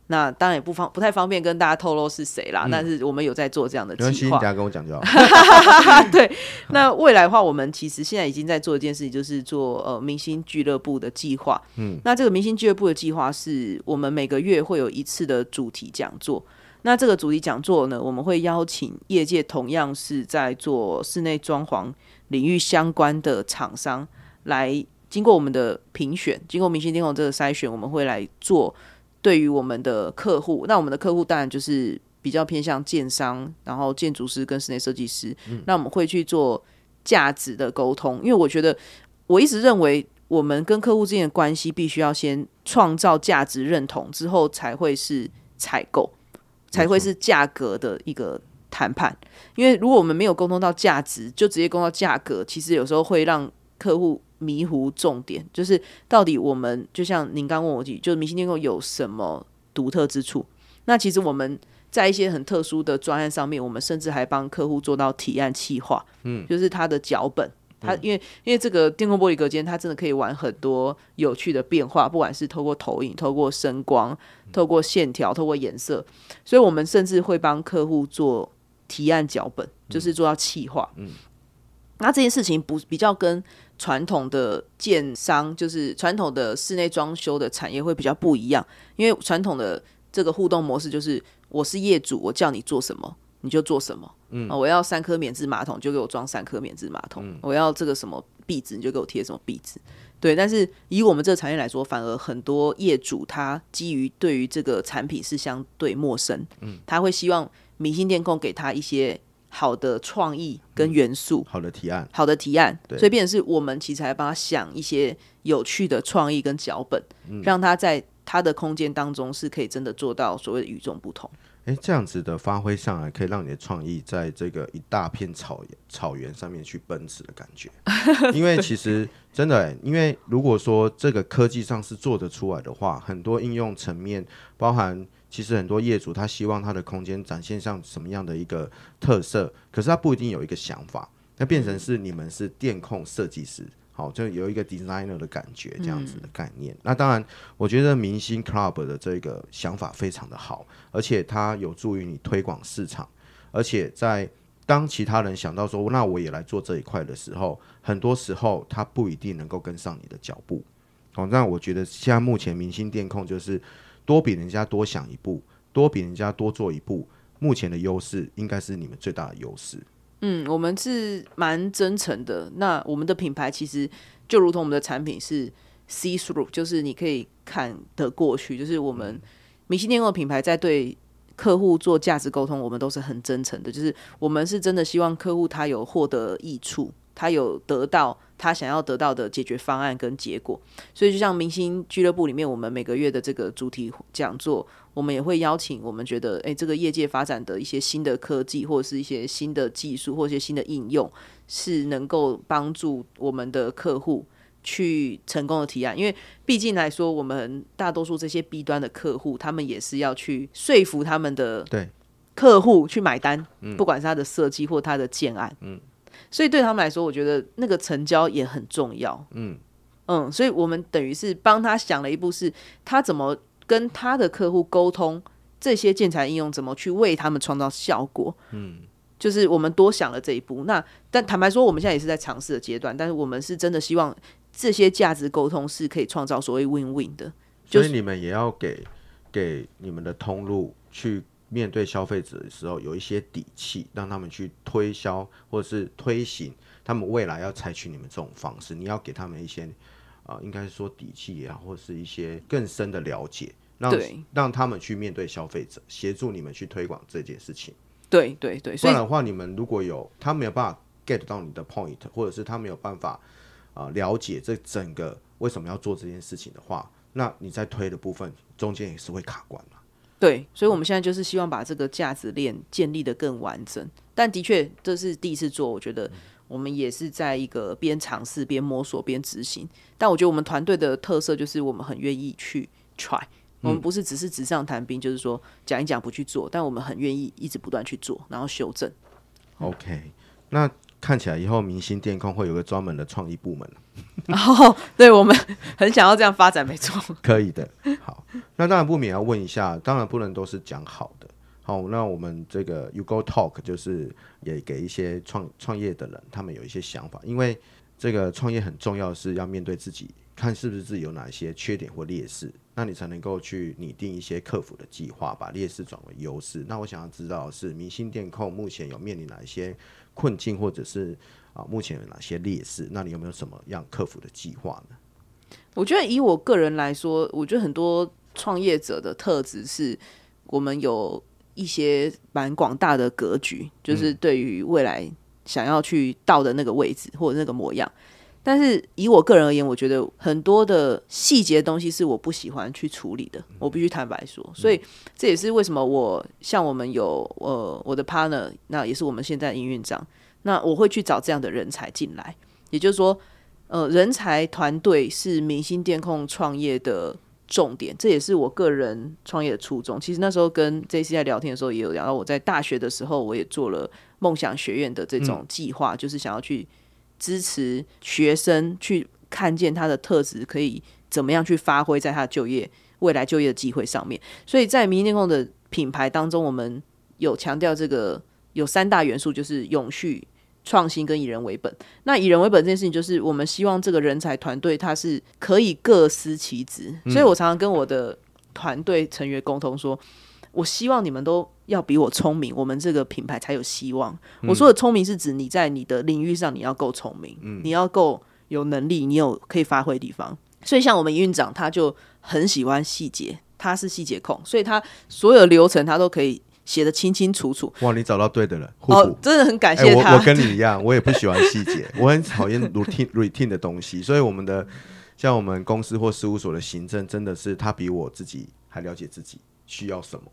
那當然也不方不太方便跟大家透露是誰啦，嗯，但是我們有在做這樣的計劃，跟我講就好。 對,那未來的話，我們其實現在已經在做一件事情，就是做呃明星俱樂部的計劃。嗯，那這個明星俱樂部的計劃是我們每個月會有一次的主題講座。那這個主題講座呢，我們會邀請業界同樣是在做室內裝潢領域相關的廠商來，經過我們的評選，經過明星電控這個篩選，我們會來做對於我們的客戶。那我們的客戶當然就是比較偏向建商，然後建築師跟室內設計師，嗯。那我們會去做價值的溝通，因為我覺得我一直認為，我們跟客戶之間的關係必須要先創造價值認同，之後才會是採購。才會是價格的一個談判，因為如果我們沒有溝通到價值，就直接溝通到價格，其實有時候會讓客戶迷糊重點。就是到底我們就像您剛問我，就是明星電控有什麼獨特之處？那其實我們在一些很特殊的專案上面，我們甚至還幫客戶做到提案企劃，就是他的腳本。嗯它因為因為這個電控玻璃隔間，它真的可以玩很多有趣的變化，不管是透過投影、透過聲光、透過線條、透過顏色，所以我們甚至會幫客戶做提案腳本，就是做到企劃。嗯，那這件事情不比較跟傳統的建商，就是傳統的室內裝修的產業會比較不一樣，因為傳統的這個互動模式就是我是業主，我叫你做什麼。你就做什麼。嗯、啊，我要三顆免治馬桶，就給我裝三顆免治馬桶。嗯、我要這個什麼壁紙，你就給我貼什麼壁紙。對，但是以我們這個產業來說，反而很多業主他基於對於這個產品是相對陌生，嗯，他會希望明星電控給他一些好的創意跟元素，嗯、好的提案，好的提案對，所以變成是我們其實還幫他想一些有趣的創意跟腳本、嗯，讓他在他的空間當中是可以真的做到所謂的與眾不同。哎，這樣子的發揮上來，可以讓你的創意在這個一大片草原草原上面去奔馳的感覺。 因為其實真的誒，因為如果說這個科技上是做得出來的話，很多應用層面，包含其實很多業主他希望他的空間展現上什麼樣的一個特色，可是他不一定有一個想法。那變成是你們是電控設計師。好、哦，就有一個 designer 的感覺，這樣子的概念。嗯、那當然，我覺得明星 club 的這個想法非常的好，而且它有助於你推廣市場。而且在當其他人想到說，那我也來做這一塊的時候，很多時候他不一定能夠跟上你的腳步。好、哦，那我覺得現在目前明星電控就是多比人家多想一步，多比人家多做一步。目前的優勢應該是你們最大的優勢。嗯，我們是蠻真誠的。那我們的品牌其實就如同我們的產品是 see through，就是你可以看得過去。就是我們明星電控品牌在對客戶做價值溝通，我們都是很真誠的。就是我們是真的希望客戶他有獲得益處，他有得到他想要得到的解決方案跟結果。所以就像明星俱樂部裡面，我們每個月的這個主題講座。我們也會邀請我們覺得，誒、欸，這個業界發展的一些新的科技，或者是一些新的技術，或者是一些新的應用，是能夠幫助我們的客戶去成功的提案。因為畢竟來說，我們大多數這些 B 端的客戶，他們也是要去說服他們的客戶去買單，不管是他的設計或他的建案。嗯，所以對他們來說，我覺得那個成交也很重要。嗯嗯，所以我們等於是幫他想了一步是，是他怎麼。跟他的客戶溝通，這些建材應用怎麼去為他們創造效果？嗯，就是我們多想了這一步。那但坦白說，我們現在也是在嘗試的階段。但是我們是真的希望這些價值溝通是可以創造所謂 win-win 的。嗯，所以你們也要給給你們的通路去面對消費者的時候有一些底氣，讓他們去推銷或是推行他們未來要採取你們這種方式。你要給他們一些。呃、啊，應該說底氣也好，或者是一些更深的了解，讓對讓他們去面對消費者，協助你們去推廣這件事情。對對對，不然的話，你們如果有他沒有辦法 get 到你的 point，或者是他沒有辦法啊、呃、了解這整個為什麼要做這件事情的話，那你在推的部分中間也是會卡關嘛。對，所以我們現在就是希望把這個價值鏈建立得更完整。但的確，這是第一次做，我覺得、嗯。我們也是在一個邊嘗試邊摸索邊執行，但我覺得我們團隊的特色就是我們很願意去 try，、嗯、我們不是只是紙上談兵，就是說講一講不去做，但我們很願意一直不斷去做，然後修正。嗯、OK，那看起來以後明星電控會有個專門的創意部門然哦， oh, 對我們很想要這樣發展， 沒錯，可以的。好，那當然不免要問一下，當然不能都是講好的。好、哦，那我們這個 U Go TALK 就是也給一些創創業的人，他們有一些想法，因為這個創業很重要，是要面對自己，看是不是自己有哪些缺點或劣勢，那你才能夠去擬定一些克服的計劃，把劣勢轉為優勢。那我想要知道是明星電控目前有面臨哪一些困境，或者是啊目前有哪些劣勢？那你有沒有什麼樣克服的計劃呢？我覺得以我個人來說，我覺得很多創業者的特質是，我們有。一些蠻廣大的格局，就是對於未來想要去到的那個位置或者那個模樣。嗯。但是以我個人而言，我覺得很多的細節的東西是我不喜歡去處理的，我必須坦白說。嗯。所以這也是為什麼我像我們有呃我的 partner，那也是我們現在營運長，那我會去找這樣的人才進來。也就是說，呃，人才團隊是明星電控創業的。重點，這也是我個人創業的初衷。其實那時候跟 J C 在聊天的時候，也有聊到我在大學的時候，我也做了夢想學院的這種計劃、嗯，就是想要去支持學生去看見他的特質，可以怎麼樣去發揮在他就業未來就業的機會上面。所以在明星電控的品牌當中，我們有強調這個有三大元素，就是永續。創新跟以人為本，那以人為本這件事情，就是我們希望這個人才團隊，它是可以各司其職、嗯。所以我常常跟我的團隊成員溝通說，我希望你們都要比我聰明，我們這個品牌才有希望。嗯、我說的聰明是指你在你的領域上，你要夠聰明、嗯，你要夠有能力，你有可以發揮的地方。所以像我們營運長，他就很喜歡細節，他是細節控，所以他所有流程他都可以。寫得清清楚楚，哇！你找到對的人，互補，哦，真的很感謝他。欸、我我跟你一樣，我也不喜歡細節， 我很討厭 routine routine 的東西。所以我們的像我們公司或事務所的行政，真的是他比我自己還了解自己需要什麼。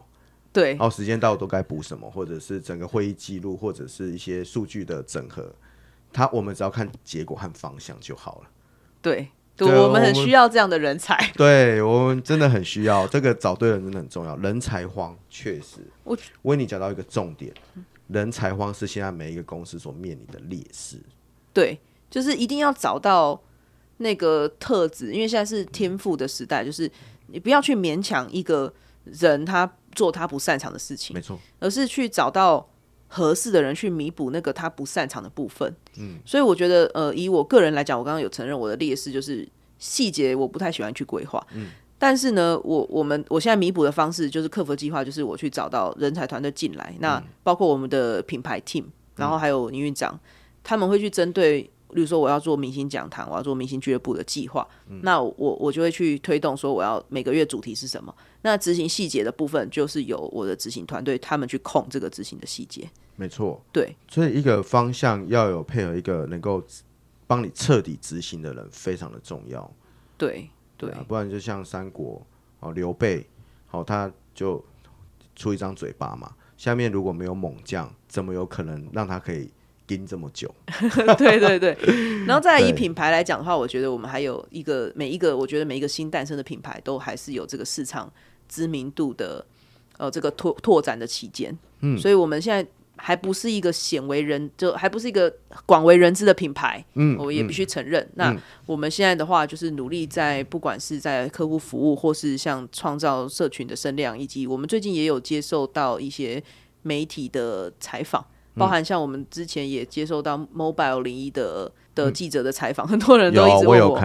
對，然後時間到都該補什麼，或者是整個會議記錄，或者是一些數據的整合，他我們只要看結果和方向就好了。對。對，我們很需要這樣的人才。 對我們真的很需要，這個找對人真的很重要。人才荒確實，我 Wini 講到一個重點，人才荒是現在每一個公司所面臨的劣勢。對，就是一定要找到那個特質，因為現在是天賦的時代，就是你不要去勉強一個人他做他不擅長的事情，沒錯，而是去找到。合適的人去彌補那個他不擅長的部分，嗯，所以我覺得，呃，以我個人來講，我剛剛有承認我的劣勢就是細節我不太喜歡去規劃，嗯，但是呢，我我們我現在彌補的方式就是克服計劃，就是我去找到人才團隊進來，嗯，那包括我們的品牌 team，然後還有營運長，嗯，他們會去針對。例如說我要做明星講堂，我要做明星俱樂部的計劃，嗯、那我我就會去推動說我要每個月主題是什麼。那執行細節的部分就是由我的執行團隊他們去控這個執行的細節。沒錯，對，所以一個方向要有配合一個能夠幫你徹底執行的人非常的重要。對對、啊，不然就像三國哦劉備，好、哦、他就出一張嘴巴嘛，下面如果沒有猛將，怎麼有可能讓他可以？盯這麼久， 對對對，然後再以品牌來講的話，我覺得我們還有一個每一個，我覺得每一個新誕生的品牌都還是有這個市場知名度的，呃，這個拓拓展的期間，嗯，所以我們現在還不是一個鮮為人，就還不是一個廣為人知的品牌，嗯，嗯，我也必須承認。那我們現在的話，就是努力在不管是在客戶服務，或是像創造社群的聲量，以及我們最近也有接受到一些媒體的採訪。包含像我們之前也接受到 Mobile 零一的的記者的採訪，嗯，很多人都一直問我，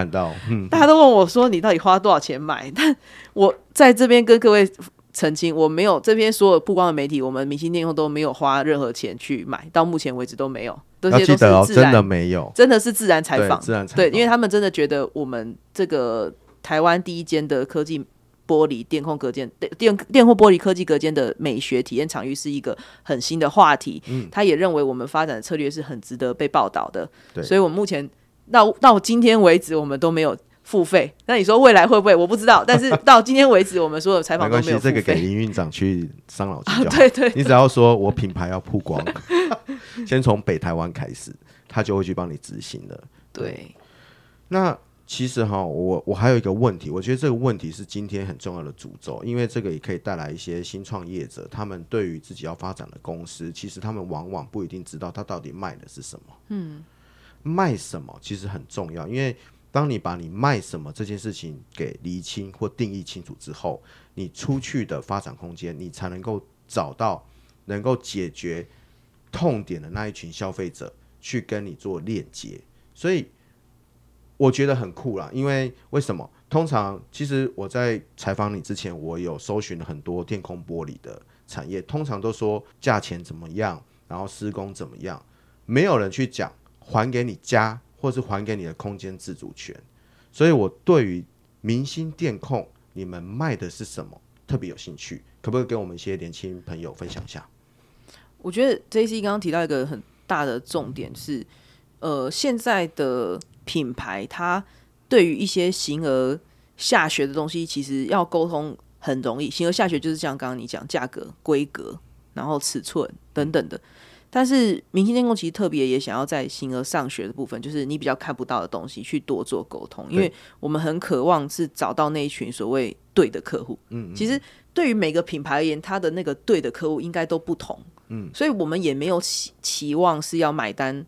大家、嗯、都問我說，你到底花多少錢買？但我在這邊跟各位澄清，我沒有，這邊所有曝光的媒體，我們明星電控都沒有花任何錢去買，到目前為止都沒有，這些都是自然、哦、真的沒有，真的是自然採訪，自然採訪，對，因為他們真的覺得我們這個台灣第一間的科技。玻璃電控隔間、電電控玻璃科技隔間的美學體驗場域是一個很新的話題。嗯，他也認為我們發展的策略是很值得被報道的。對，所以我們目前到到今天為止，我們都沒有付費。那你說未來會不會？我不知道。 但是到今天為止，我們所有採訪都有關係，這個給林院長去商討、啊。對對，對，你只要說我品牌要曝光， 先從北台灣開始，他就會去幫你執行的。對，那。其實哈，我我還有一個問題，我覺得這個問題是今天很重要的主軸，因為這個也可以帶來一些新創業者，他們對於自己要發展的公司，其實他們往往不一定知道他到底賣的是什麼。嗯，賣什麼其實很重要，因為當你把你賣什麼這件事情給釐清或定義清楚之後，你出去的發展空間，你才能夠找到能夠解決痛點的那一群消費者去跟你做鏈接，所以。我覺得很酷啦，因為為什麼？通常其實我在採訪你之前，我有搜尋了很多電控玻璃的產業，通常都說價錢怎麼樣，然後施工怎麼樣，沒有人去講還給你家，或是還給你的空間自主權。所以，我對於明星電控你們賣的是什麼特別有興趣，可不可以給我們一些年輕朋友分享一下？我覺得這一期剛剛提到一個很大的重點是，呃，現在的。品牌它對於一些形而下學的東西，其實要溝通很容易。形而下學就是像剛剛你講價格、規格，然後尺寸等等的。但是，明星電控其實特別也想要在形而上學的部分，就是你比較看不到的東西去多做溝通，因為我們很渴望是找到那一群所謂對的客戶。嗯，其實對於每個品牌而言，它的那個對的客戶應該都不同。嗯，所以我們也沒有期期望是要買單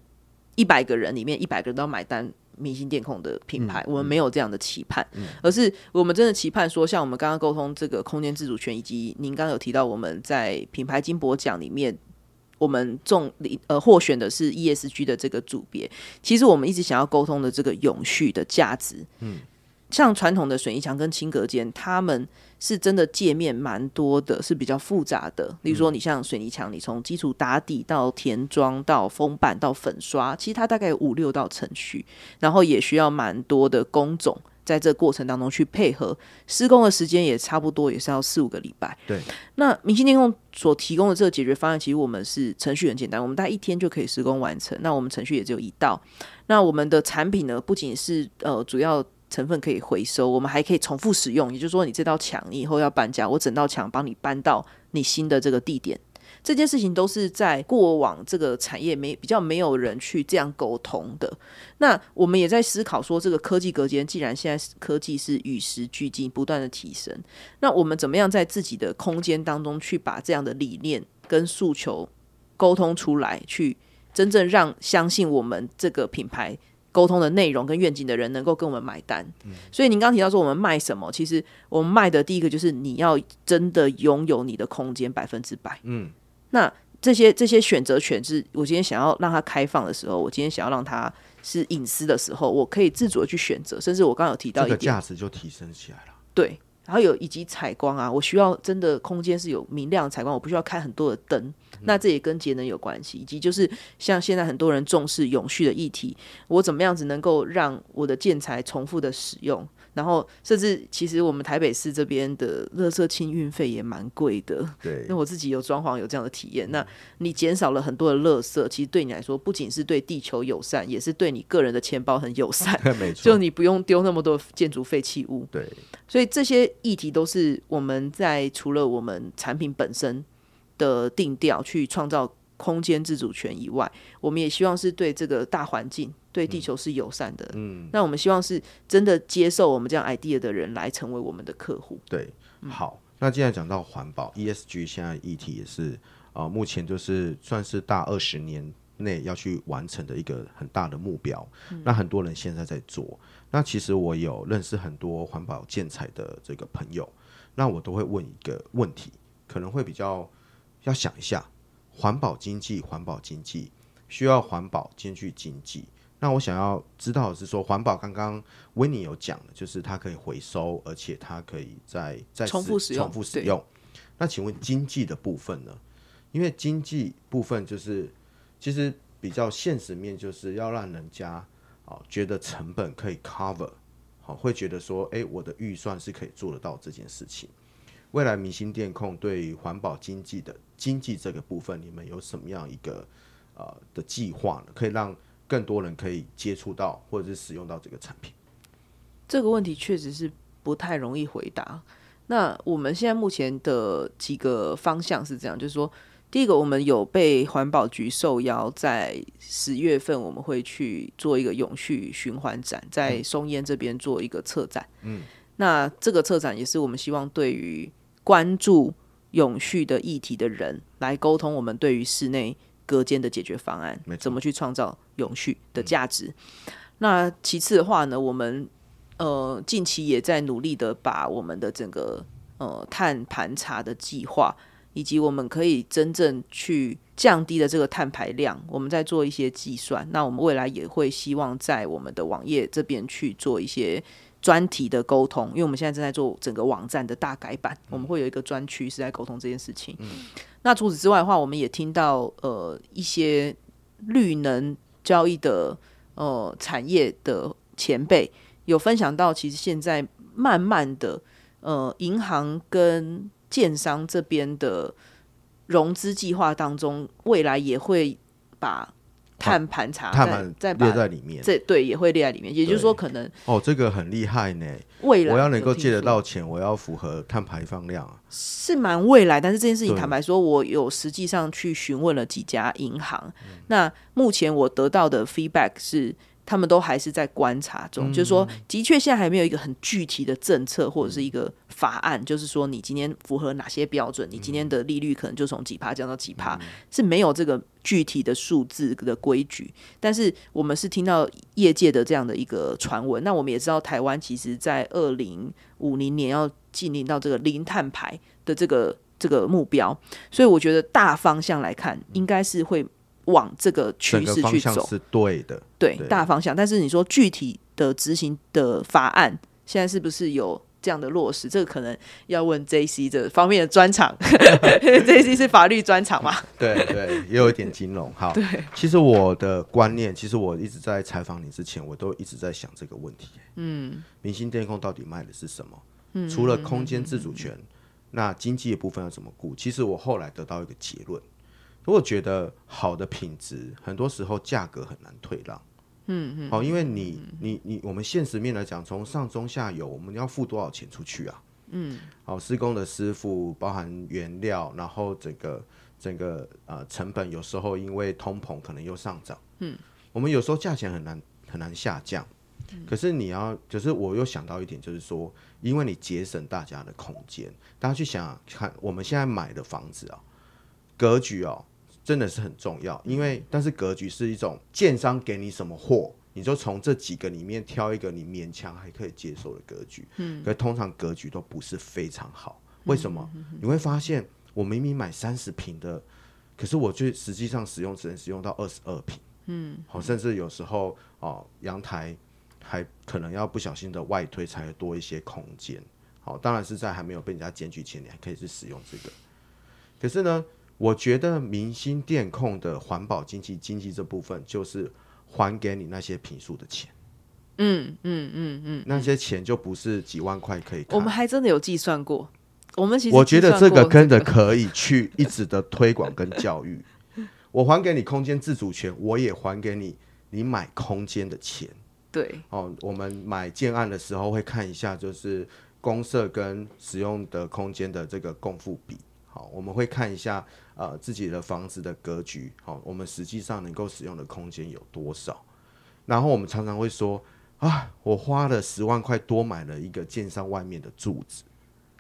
一百個人裡面一百個人都要買單。明星電控的品牌、嗯，我們沒有這樣的期盼，嗯、而是我們真的期盼說，像我們剛剛溝通這個空間自主權，以及您剛剛有提到，我們在品牌金舶獎裡面，我們中呃獲選的是 ESG 的這個組別。其實我們一直想要溝通的這個永續的價值，嗯像傳統的水泥牆跟輕隔間，他們是真的界面蠻多的，是比較複雜的。例如說，你像水泥牆，你從基礎打底到填裝到封板到粉刷，其實它大概有五六道程序，然後也需要蠻多的工種在這過程當中去配合，施工的時間也差不多，也是要四五個禮拜。對，那明星電控所提供的這個解決方案，其實我們是程序很簡單，我們大概一天就可以施工完成。那我們程序也只有一道。那我們的產品呢，不僅是呃主要。成分可以回收，我們還可以重複使用。也就是說，你這道牆，你以後要搬家，我整道牆幫你搬到你新的這個地點。這件事情都是在過往這個產業沒比較沒有人去這樣溝通的。那我們也在思考說，這個科技隔間，既然現在科技是與時俱進、不斷地提升，那我們怎麼樣在自己的空間當中去把這樣的理念跟訴求溝通出來，去真正讓相信我們這個品牌。溝通的內容跟願景的人能夠跟我們買單，所以您剛提到說我們賣什麼，其實我們賣的第一個就是你要真的擁有你的空間百分之百，嗯，那這些這些選擇權是我今天想要讓它開放的時候，我今天想要讓它是隱私的時候，我可以自主的去選擇，甚至我剛剛有提到，一個價值就提升起來了，對。然後有以及採光啊，我需要真的空間是有明亮採光，我不需要開很多的燈。那這也跟節能有關係，以及就是像現在很多人重視永續的議題，我怎麼樣子能夠讓我的建材重複的使用？然後，甚至其實我們台北市這邊的垃圾清運費也蠻貴的。對，那我自己有裝潢有這樣的體驗。那你減少了很多的垃圾，其實對你來說，不僅是對地球友善，也是對你個人的錢包很友善呵呵。沒錯，就你不用丟那麼多建築廢棄物。對，所以這些議題都是我們在除了我們產品本身的定調，去創造空間自主權以外，我們也希望是對這個大環境。對地球是友善的。嗯，那我們希望是真的接受我們這樣 idea 的人來成為我們的客戶。對，好，那既然講到環保，ESG 現在議題也是啊，呃，目前就是算是大二十年內要去完成的一個很大的目標，嗯。那很多人現在在做，那其實我有認識很多環保建材的這個朋友，那我都會問一個問題，可能會比較要想一下，環保經濟，環保經濟需要環保兼具經濟。那我想要知道的是，說環保剛剛 Wini 有講的，就是它可以回收，而且它可以再再重複使用。重複使用。那請問經濟的部分呢？因為經濟部分就是其實比較現實面，就是要讓人家啊、哦、覺得成本可以 cover，好、哦，會覺得說，誒、欸，我的預算是可以做得到這件事情。未來明星電控對環保經濟的經濟這個部分，你們有什麼樣一個、呃、的計劃呢？可以讓更多人可以接觸到或者是使用到這個產品。這個問題確實是不太容易回答。那我們現在目前的幾個方向是這樣，就是說，第一個，我們有被環保局受邀，在十月份我們會去做一個永續循環展，在松菸這邊做一個策展。嗯，那這個策展也是我們希望對於關注永續的議題的人來溝通我們對於室內。隔間的解決方案，怎麼去創造永續的價值？那其次的話呢，我們呃近期也在努力的把我們的整個呃碳盤查的計劃，以及我們可以真正去降低的這個碳排量，我們在做一些計算。那我們未來也會希望在我們的網頁這邊去做一些。專題的溝通，因為我們現在正在做整個網站的大改版，我們會有一個專區是在溝通這件事情。嗯。那除此之外的話，我們也聽到呃一些綠能交易的呃產業的前輩有分享到，其實現在慢慢的呃銀行跟建商這邊的融資計劃當中，未來也會把。碳盤查，碳盤再列在裡面，這，對，也會列在裡面。也就是說，可能哦，這個很厲害呢，未來我要能夠借得到錢，我要符合碳排放量啊，是蠻未來。但是這件事情坦白說，我有實際上去詢問了幾家銀行，那目前我得到的 feedback 是，他們都還是在觀察中，就是說，的確現在還沒有一個很具體的政策或者是一個法案，就是說你今天符合哪些標準，你今天的利率可能就從幾趴降到幾趴，是沒有這個具體的數字的規矩。但是我們是聽到業界的這樣的一個傳聞，那我們也知道台灣其實在二零五零年要進行到這個零碳排的這個這個目標，所以我覺得大方向來看應該是會。往這個趨勢去走是對的，對，對大方向。但是你說具體的執行的法案，現在是不是有這樣的落實？這個可能要問 J C 這方面的專場， 因為 J C 是法律專場嘛、 嗯，對對，也有一點金融哈，嗯。對，其實我的觀念，其實我一直在採訪你之前，我都一直在想這個問題。嗯，明星電控到底賣的是什麼？嗯，嗯，嗯，嗯，嗯，除了空間自主權，那經濟的部分要怎麼顧？其實我後來得到一個結論。如果覺得好的品質，很多時候價格很難退讓。嗯嗯。哦，因為你、嗯、你、你、你，我們現實面來講，從上中下游，我們要付多少錢出去啊？嗯。好、哦，施工的師傅，包含原料，然後整個整個呃成本，有時候因為通膨可能又上漲。嗯。我們有時候價錢很難很難下降。可是你要，就是我又想到一點，就是說，因為你節省大家的空間，大家去想想、啊、看，我們現在買的房子啊，格局哦、啊。真的是很重要。因為但是格局是一種，建商給你什麼貨，你就從這幾個裡面挑一個你勉強還可以接受的格局。嗯，可通常格局都不是非常好，為什麼？嗯嗯嗯、你會發現，我明明買三十平的，可是我卻實際上使用只能使用到二十二平。嗯、好、哦，甚至有時候哦，陽台還可能要不小心的外推才會多一些空間。好、哦，當然是在還沒有被人家檢舉前，你還可以去使用這個。可是呢？我覺得明星電控的環保經濟經濟這部分，就是還給你那些坪數的錢。嗯嗯嗯嗯，那些錢就不是幾萬塊可以。我們還真的有計算過，我們其實。我覺得這個真的可以去一直的推廣跟教育。 我還給你空間自主權，我也還給你你買空間的錢。對。哦，我們買建案的時候會看一下，就是公設跟使用的空間的這個公設比。好、哦，我們會看一下。呃，自己的房子的格局，好，我們實際上能夠使用的空間有多少？然後我們常常會說，啊，我花了十萬塊多買了一個建商外面的柱子，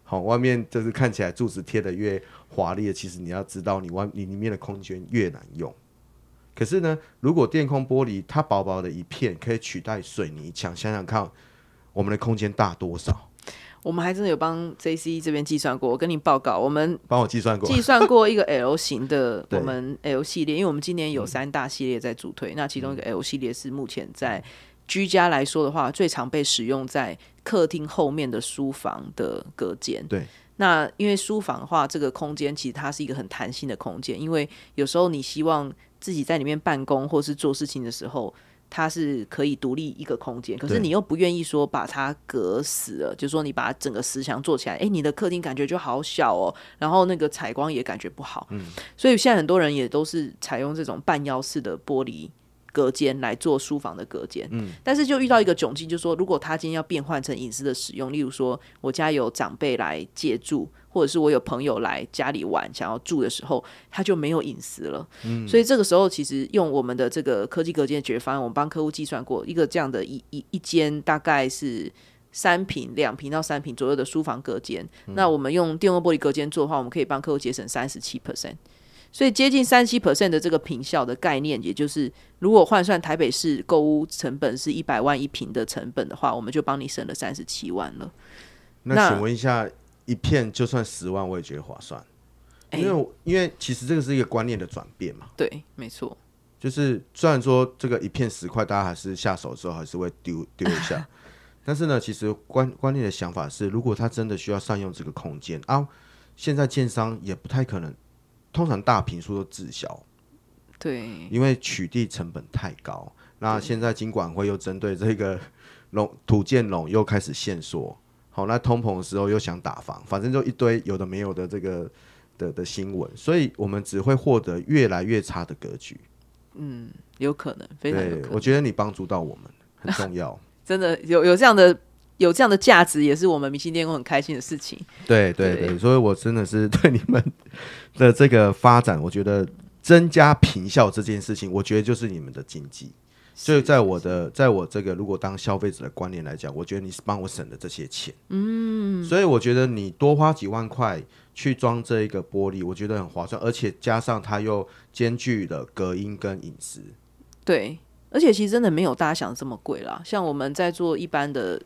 好，外面就是看起來柱子貼得越華麗，其實你要知道，你外你裡面的空間越難用。可是呢，如果電控玻璃，它薄薄的一片可以取代水泥牆，想想看，我們的空間大多少？我們還真的有幫 J.C. 這邊計算過，我跟你報告，我們幫我計算過，計算過一個 L 型的，我們 L 系列，因為我們今年有三大系列在主推，那其中一個 L 系列是目前在居家來說的話，最常被使用在客廳後面的書房的隔間。對，那因為書房的話，這個空間其實它是一個很彈性的空間，因為有時候你希望自己在裡面辦公或是做事情的時候。它是可以獨立一個空間，可是你又不願意說把它隔死了，就是、說你把整個實牆做起來，誒、欸，你的客廳感覺就好小哦，然後那個採光也感覺不好、嗯。所以現在很多人也都是採用這種半腰式的玻璃隔間來做書房的隔間、嗯，但是就遇到一個窘境，就說如果他今天要變換成隱私的使用，例如說我家有長輩來借住。或者是我有朋友來家裡玩，想要住的時候，他就沒有隱私了。嗯、所以這個時候其實用我們的這個科技隔間的解決方案，我們幫客戶計算過一個這樣的一一一間大概是三平兩平到三平左右的書房隔間。嗯、那我們用電控玻璃隔間做的話，我們可以幫客戶節省三十七 percent，所以接近三七 percent 的這個坪效的概念，也就是如果換算台北市購屋成本是一百萬一平的成本的話，我們就幫你省了三十七萬了。那請問一下。一片就算十萬，我也覺得划算，欸、因為因為其實這個是一個觀念的轉變嘛。對，沒錯，就是雖然說這個一片十塊，大家還是下手之後還是會丟丟一下， 但是呢，其實觀觀念的想法是，如果他真的需要善用這個空間啊，現在建商也不太可能，通常大坪數都滯銷，對，因為取地成本太高。那現在金管會又針對這個融，土建融又開始限縮。好、哦，那通膨的時候又想打房，反正就一堆有的沒有的這個的的新聞，所以我們只會獲得越來越差的格局。嗯，有可能，非常有可能。我覺得你幫助到我們很重要， 真的有有這樣的有這樣的價值，也是我們明星電控很開心的事情對對對。對對對，所以我真的是對你們的這個發展，我覺得增加坪效這件事情，我覺得就是你們的經濟。所以在我的，在我這個如果當消費者的觀念來講，我覺得你是幫我省了這些錢，嗯，所以我覺得你多花幾萬塊去裝這一個玻璃，我覺得很划算，而且加上它又兼具了隔音跟隱私，對，而且其實真的沒有大家想的這麼貴啦。像我們在做一般的，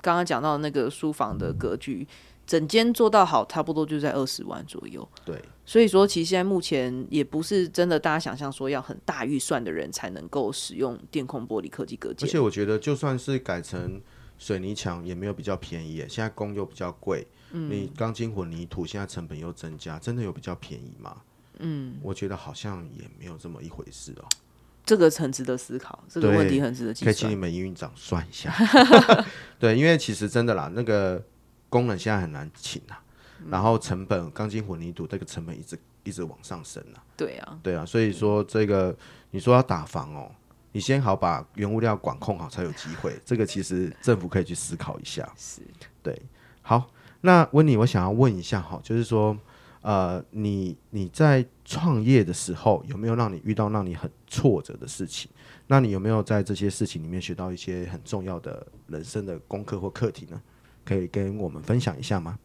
剛剛講到的那個書房的格局，整間做到好，差不多就在二十萬左右，對。所以說，其實現在目前也不是真的，大家想象說要很大預算的人才能夠使用電控玻璃科技隔間。而且我覺得，就算是改成水泥牆，也沒有比較便宜、嗯。現在工又比較貴、嗯，你鋼筋混凝土現在成本又增加，真的有比較便宜嗎？嗯，我覺得好像也沒有這麼一回事哦、喔。這個很值得思考，這個問題很值得計算。可以請你們營運長算一下。 對，因為其實真的啦，那個工人現在很難請啊。然後成本，鋼筋混凝土這個成本一直一直往上升啊。對啊，對啊，所以說這個、嗯、你說要打房哦，你先好把原物料管控好，才有機會。 這個其實政府可以去思考一下。是的，對，好，那溫妮，我想要問一下哈、哦，就是說，呃，你你在創業的時候有沒有讓你遇到讓你很挫折的事情？那你有沒有在這些事情裡面學到一些很重要的人生的功課或課題呢？可以跟我們分享一下嗎？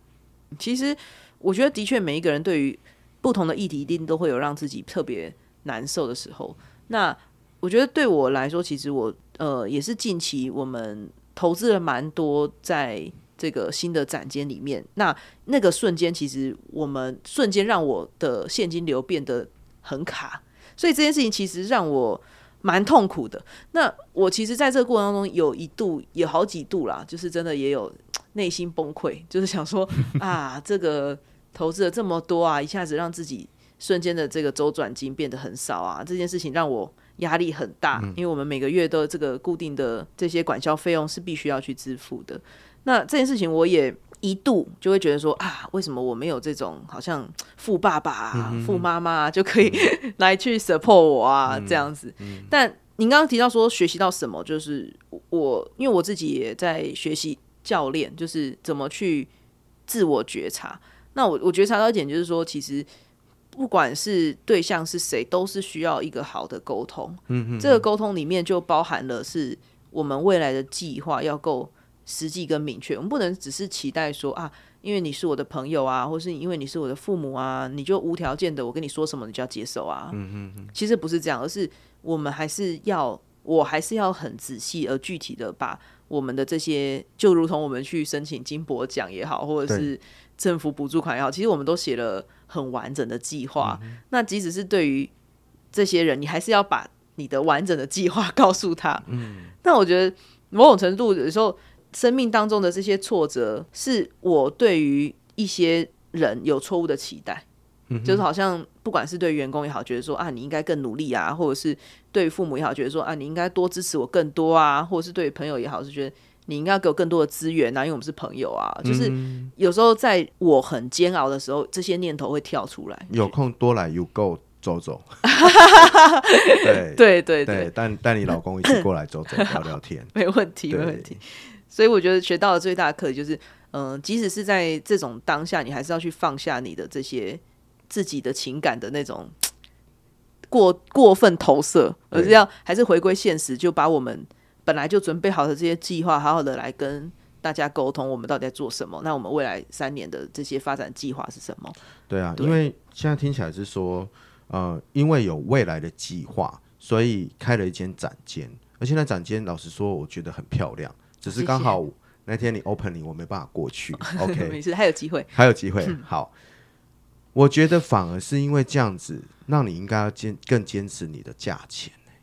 其實，我覺得的確，每一個人對於不同的議題，一定都會有讓自己特別難受的時候。那我覺得對我來說，其實我呃也是近期我們投資了蠻多在這個新的展間裡面。那那個瞬間，其實我們瞬間讓我的現金流變得很卡，所以這件事情其實讓我蠻痛苦的。那我其實在這個過程當中，有一度有好幾度啦，就是真的也有。內心崩潰，就是想說啊，這個投資了這麼多啊， 一下子讓自己瞬間的這個周轉金變得很少啊，這件事情讓我壓力很大，嗯。因為我們每個月的這個固定的這些管銷費用是必須要去支付的。那這件事情我也一度就會覺得說啊，為什麼我沒有這種好像富爸爸啊、富媽媽就可以來去 support 我啊，嗯嗯嗯，這樣子？但您剛剛提到說學習到什麼，就是我因為我自己也在學習。教練就是怎麼去自我覺察。那我我覺察到一點，就是說，其實不管是對象是誰，都是需要一個好的溝通。嗯嗯，這個溝通裡面就包含了是我們未來的計劃要夠實際跟明確。我們不能只是期待說啊，因為你是我的朋友啊，或是因為你是我的父母啊，你就無條件的我跟你說什麼你就要接受啊。嗯嗯，其實不是這樣，而是我們還是要我還是要很仔細而具體的把。我們的這些就如同我們去申請金博獎也好，或者是政府補助款也好，其實我們都寫了很完整的計劃。嗯。那即使是對於這些人，你還是要把你的完整的計劃告訴他。嗯，但我覺得某種程度有時候生命當中的這些挫折，是我對於一些人有錯誤的期待。就是好像不管是對員工也好，覺得說啊你應該更努力啊，或者是對父母也好，覺得說啊你應該多支持我更多啊，或者是對朋友也好，是覺得你應該給我更多的資源啊，因為我們是朋友啊、嗯。就是有時候在我很煎熬的時候，這些念頭會跳出來。有空多來 U Go 走走。 對， 對，對對對對，但但你老公一起過來走走聊聊天。 沒問題沒問題。所以我覺得學到的最大的課就是，嗯、呃，即使是在這種當下，你還是要去放下你的這些。自己的情感的那種過過分投射，而是要還是回歸現實，就把我們本來就準備好的這些計劃，好好的來跟大家溝通，我們到底在做什麼？那我們未來三年的這些發展計劃是什麼？對啊對，因為現在聽起來是說，呃，因為有未來的計劃，所以開了一間展間，而現在展間，老實說，我覺得很漂亮，只是剛好謝謝那天你 open 你，我沒辦法過去。 OK，沒事，還有機會，還有機會、嗯，好。我覺得反而是因為這樣子，那你應該要堅更堅持你的價錢、欸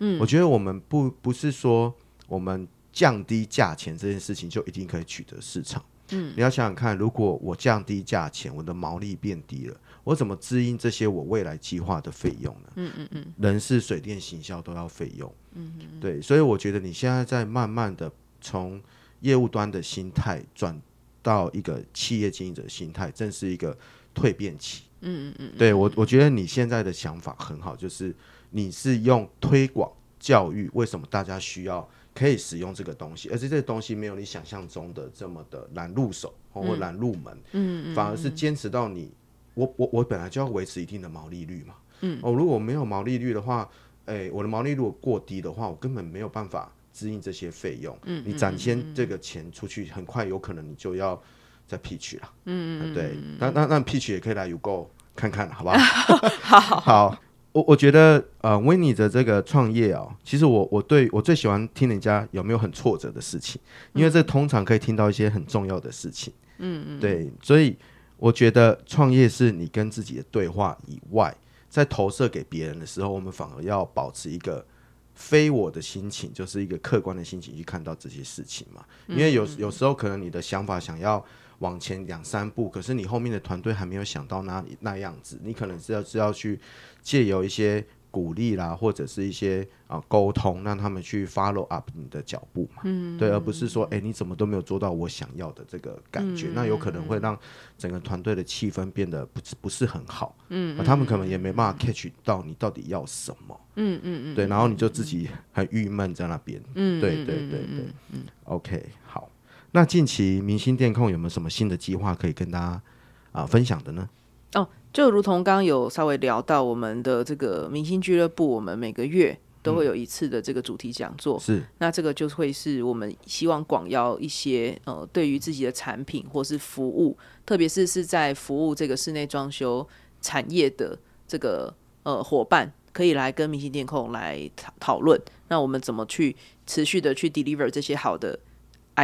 嗯。我覺得我們不不是說我們降低價錢這件事情就一定可以取得市場、嗯。你要想想看，如果我降低價錢，我的毛利變低了，我怎麼支應這些我未來計劃的費用呢？嗯嗯嗯、人事、水電、行銷都要費用、嗯。對，所以我覺得你現在在慢慢的從業務端的心態轉到一個企業經營者的心態，正是一個。蛻變期，嗯嗯嗯，對，我我覺得你現在的想法很好，就是你是用推廣教育，為什麼大家需要可以使用這個東西，而且這個東西沒有你想象中的這麼的難入手或難入門嗯，嗯，嗯，嗯反而是堅持到你我，我我我本來就要維持一定的毛利率嘛，嗯，哦，如果沒有毛利率的話，哎，我的毛利如果過低的話，我根本沒有辦法支應這些費用，嗯，你攢先這個錢出去，很快有可能你就要。在 Peach 啦，嗯嗯、啊，對，那那那 Peach 也可以來 U Go 看看，好不好？ 好好，好我我覺得呃 Wini 的這個創業啊、哦，其實我我對我最喜歡聽人家有沒有很挫折的事情、嗯，因為這通常可以聽到一些很重要的事情。嗯嗯，對，所以我覺得創業是你跟自己的對話以外，在投射給別人的時候，我們反而要保持一個非我的心情，就是一個客觀的心情去看到這些事情嘛。嗯、因為有有時候可能你的想法想要。往前兩三步，可是你後面的團隊還沒有想到那裡那樣子，你可能是要是要去借由一些鼓勵啦，或者是一些啊、呃、溝通，讓他們去 follow up 你的腳步嘛，嗯、對，而不是說，哎、欸，你怎麼都沒有做到我想要的這個感覺，嗯、那有可能會讓整個團隊的氣氛變得不是不是很好，嗯，嗯他們可能也沒辦法 catch 到你到底要什麼，嗯嗯嗯，對，然後你就自己很鬱悶在那邊，嗯，對對對對，嗯，OK，嗯好。那近期明星電控有沒有什麼新的計劃可以跟大家啊、呃、分享的呢？哦，就如同剛剛有稍微聊到我們的這個明星俱樂部，我們每個月都會有一次的這個主題講座、嗯。是，那這個就會是我們希望廣邀一些呃，對於自己的產品或是服務，特別是是在服務這個室內裝修產業的這個呃夥伴，可以來跟明星電控來討討論，那我們怎麼去持續的去 deliver 這些好的。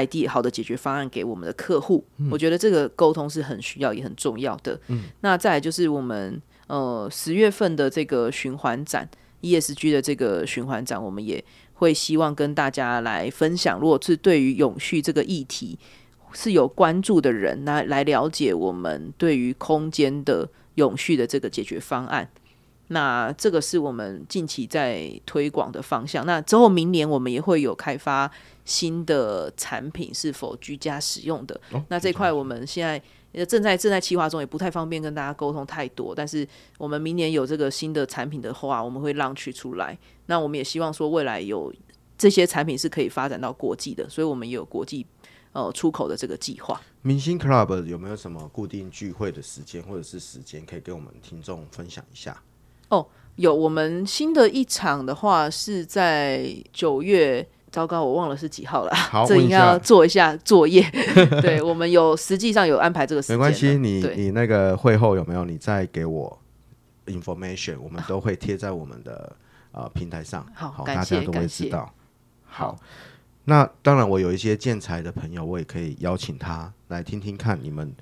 ID 好的解決方案給我們的客戶、嗯，我覺得這個溝通是很需要也很重要的。嗯、那再來就是我們呃十月份的這個循環展 ESG 的這個循環展，我們也會希望跟大家來分享。如果是對於永續這個議題是有關注的人，那來了解我們對於空間的永續的這個解決方案。那這個是我們近期在推廣的方向。那之後明年我們也會有開發新的產品，是否居家使用的？哦、那這塊我們現在、嗯、正在正在計劃中，也不太方便跟大家溝通太多。但是我們明年有這個新的產品的話，我們會 launch 出來。那我們也希望說未來有這些產品是可以發展到國際的，所以我們也有國際呃出口的這個計劃。明星 Club 有沒有什麼固定聚會的時間或者是時間可以給我們聽眾分享一下？哦，有我們新的一場的話是在九月，糟糕，我忘了是幾號了，好，這應該要做一下,一下作業。 對，我們有實際上有安排這個時間，沒關係，你你那個會後有沒有你再給我 information，我們都會貼在我們的、啊、呃平台上，好，好，大家都會知道。好，那當然，我有一些建材的朋友，我也可以邀請他來聽聽看你們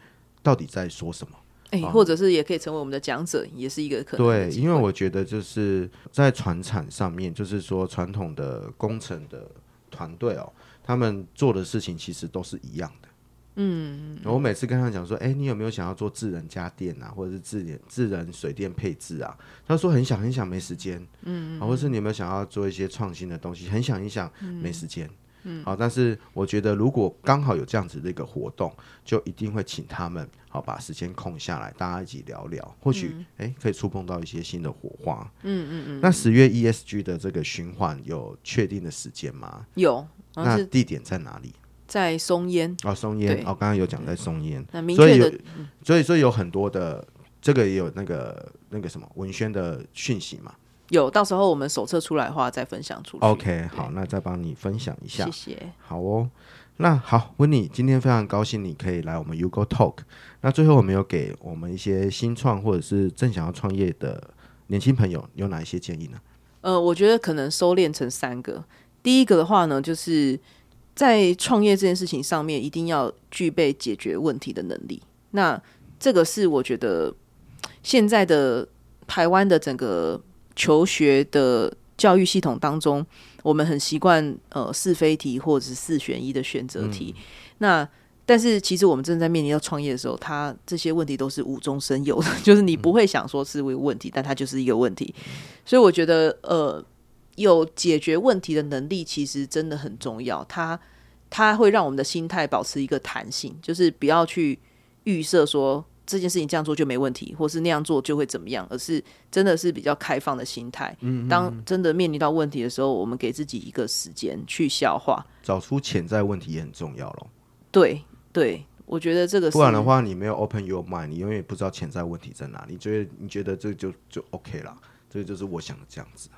到底在說什麼。誒，或者是也可以成為我們的講者，哦、也是一個可能。對，因為我覺得就是在傳產上面，就是說傳統的工程的團隊哦，他們做的事情其實都是一樣的。嗯，嗯我每次跟他講說，哎，你有沒有想要做智能家電啊，或者是智能智能水電配置啊？他說很想很想，沒時間。嗯、哦，或是你有沒有想要做一些創新的東西？很想一想，嗯、沒時間。嗯，好、哦，但是我覺得如果剛好有這樣子的一個活動，就一定會請他們，好、哦、把時間空下來，大家一起聊聊，或許哎、嗯欸，可以觸碰到一些新的火花。嗯嗯嗯。那十月 ESG 的這個循環有確定的時間嗎,、嗯、嗎？有、哦。那地點在哪裡？在松菸。哦，松菸。哦，剛剛有講在松菸。那、嗯、所以有所以所以有很多的這個也有那個那個什麼文宣的訊息嘛。有，到時候我們手冊出來的話，再分享出來。OK，好，那再幫你分享一下。嗯，謝謝。好哦，那好，溫妮，今天非常高興你可以來我們 U Go TALK。那最後，我們有給我們一些新創或者是正想要創業的年輕朋友，有哪一些建議呢？呃，我覺得可能收斂成三個。第一個的話呢，就是在創業這件事情上面，一定要具備解決問題的能力。那這個是我覺得現在的台灣的整個。求學的教育系統當中，我們很習慣呃是非題或者是四選一的選擇題。嗯、那但是其實我們正在面臨到創業的時候，它這些問題都是無中生有的，就是你不會想說是為問題，但它就是一個問題。嗯、所以我覺得呃有解決問題的能力其實真的很重要，它它會讓我們的心態保持一個彈性，就是不要去預設說。這件事情這樣做就沒問題，或是那樣做就會怎麼樣？而是真的是比較開放的心態。嗯哼哼，當真的面臨到問題的時候，我們給自己一個時間去消化，找出潛在問題也很重要咯。對對，我覺得這個不然的話，你沒有 open your mind，你永遠不知道潛在問題在哪裡。你覺得你覺得這就就 OK 啦。這就是我想的這樣子。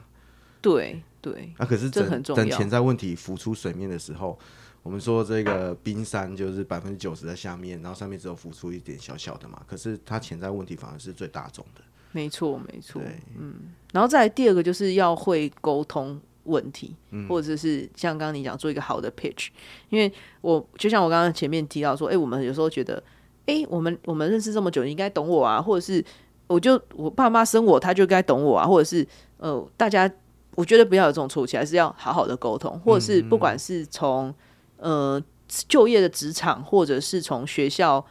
對對，那、啊、可是這很重要。潛在問題浮出水面的時候。我們說這個冰山就是百分之九十在下面，然後上面只有浮出一點小小的嘛。可是它潛在問題反而是最大眾的。沒錯，沒錯。嗯，然後再來第二個就是要會溝通問題、嗯，或者是像剛剛你講做一個好的 pitch。因為我就像我剛剛前面提到說，哎、欸，我們有時候覺得，哎、欸，我們我們認識這麼久，你應該懂我啊，或者是我就我爸媽生我，他就該懂我啊，或者是呃，大家我覺得不要有這種錯覺，還是要好好的溝通，或者是不管是從呃，就業的職場或者是從學校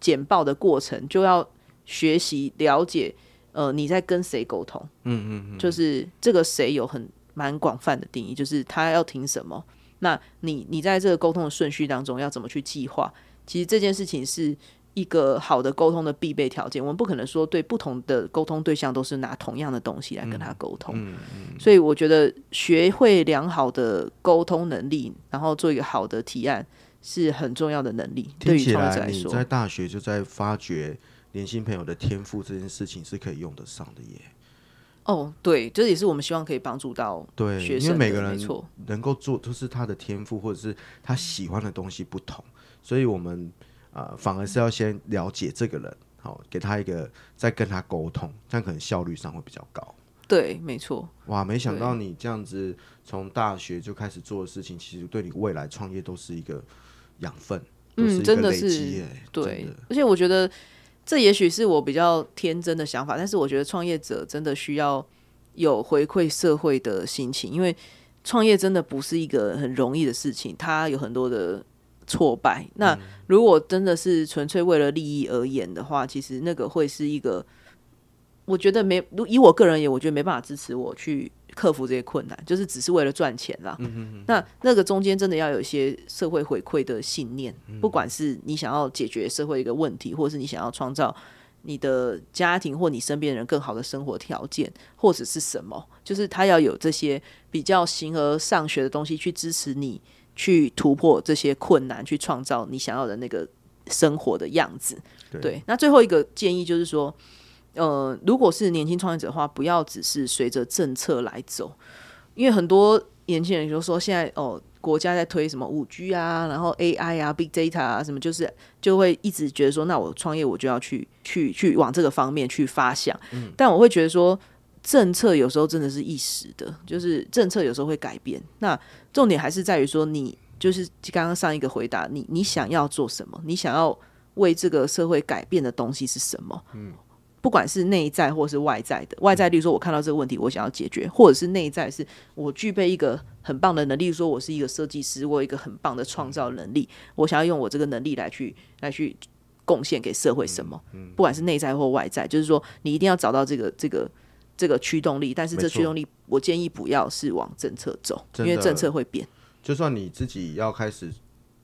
簡報的過程，就要學習了解，呃，你在跟誰溝通，嗯嗯，嗯，就是這個誰有很蠻廣泛的定義，就是他要聽什麼，那你你在這個溝通的順序當中要怎麼去計劃？其實這件事情是，一個好的溝通的必備條件，我們不可能說對不同的溝通對象都是拿同樣的東西來跟他溝通。嗯嗯嗯，所以我覺得學會良好的溝通能力，然後做一個好的提案是很重要的能力。對於他來說，在大學就在發掘年輕朋友的天賦這件事情是可以用得上的耶。哦，對，這也是我們希望可以幫助到學生的，對，因為每個人能夠做都是他的天賦或者是他喜歡的東西不同，所以我們。啊、呃，反而是要先了解這個人，好、哦、給他一個再跟他溝通，這樣可能效率上會比較高。對，沒錯。哇，沒想到你這樣子從大學就開始做的事情，其實對你未來創業都是一個養分，嗯，真的是、欸真的，對。而且我覺得這也許是我比較天真的想法，但是我覺得創業者真的需要有回饋社會的心情，因為創業真的不是一個很容易的事情，它有很多的。挫敗。那如果真的是純粹為了利益而言的話，嗯、其實那個會是一個，我覺得沒。以我個人而言，我覺得沒辦法支持我去克服這些困難，就是只是為了賺錢啦、嗯哼哼。那那個中間真的要有一些社會回饋的信念，不管是你想要解決社會一個問題，嗯、或是你想要創造你的家庭或你身邊的人更好的生活條件，或者是什麼，就是他要有這些比較形而上學的東西去支持你。去突破這些困難，去創造你想要的那個生活的樣子對。對，那最後一個建議就是說，呃，如果是年輕創業者的話，不要只是隨着政策來走，因為很多年輕人就說現在哦，呃，國家在推什麼五 G 啊，然後 AI 啊，Big Data 啊，什麼就是就會一直覺得說，那我創業我就要去去去往這個方面去發想。嗯。但我會覺得說。政策有時候真的是一時的，就是政策有時候會改變。那重點還是在於說你，你就是剛剛上一個回答，你你想要做什麼？你想要為這個社會改變的東西是什麼？不管是內在或是外在的，外在例如說我看到這個問題，我想要解決，或者是內在是我具備一個很棒的能力，說我是一個設計師，我有一個很棒的創造能力，我想要用我這個能力來去來去貢獻給社會什麼？不管是內在或外在，就是說你一定要找到這個這個。這個驅動力，但是這驅動力，我建議不要是往政策走，因為政策會變。就算你自己要開始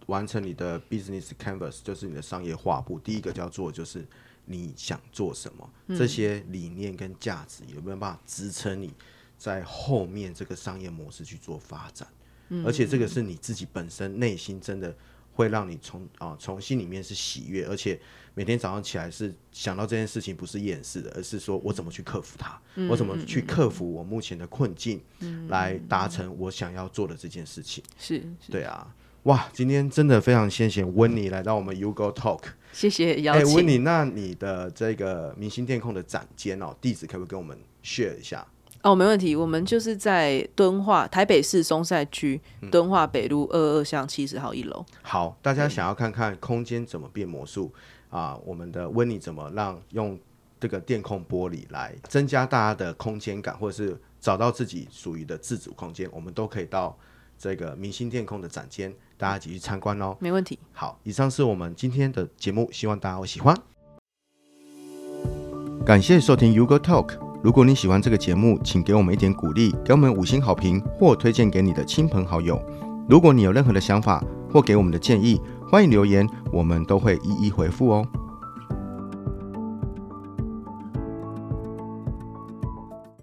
完成你的 business canvas，就是你的商業畫布，第一個叫做就是你想做什麼，這些理念跟價值有沒有辦法支撐你在後面這個商業模式去做發展？嗯，而且這個是你自己本身內心真的。會讓你從啊從心裡面是喜悅，而且每天早上起來是想到這件事情不是厭世的，而是說我怎麼去克服它。嗯，我怎麼去克服我目前的困境，嗯、來達成我想要做的這件事情。是、嗯，對啊，哇，今天真的非常謝謝溫妮來到我們 U Go TALK。嗯、謝謝邀請。欸、溫妮，那你的這個明星電控的展間哦，地址可不可以跟我們 share 一下？哦，沒問題。我們就是在敦化，台北市松山區敦化北路二二巷七十號一樓。嗯。好，大家想要看看空間怎麼變魔術啊？我們的溫妮怎麼讓用這個電控玻璃來增加大家的空間感，或者是找到自己屬於的自主空間？我們都可以到這個明星電控的展間，大家一起去參觀哦。沒問題。好，以上是我們今天的節目，希望大家會喜歡。感謝收聽 U Go Talk。如果你喜歡這個節目，請給我們一點鼓勵，給我們五星好評，或推薦給你的親朋好友。如果你有任何的想法，或給我們的建議，歡迎留言，我們都會一一回復哦。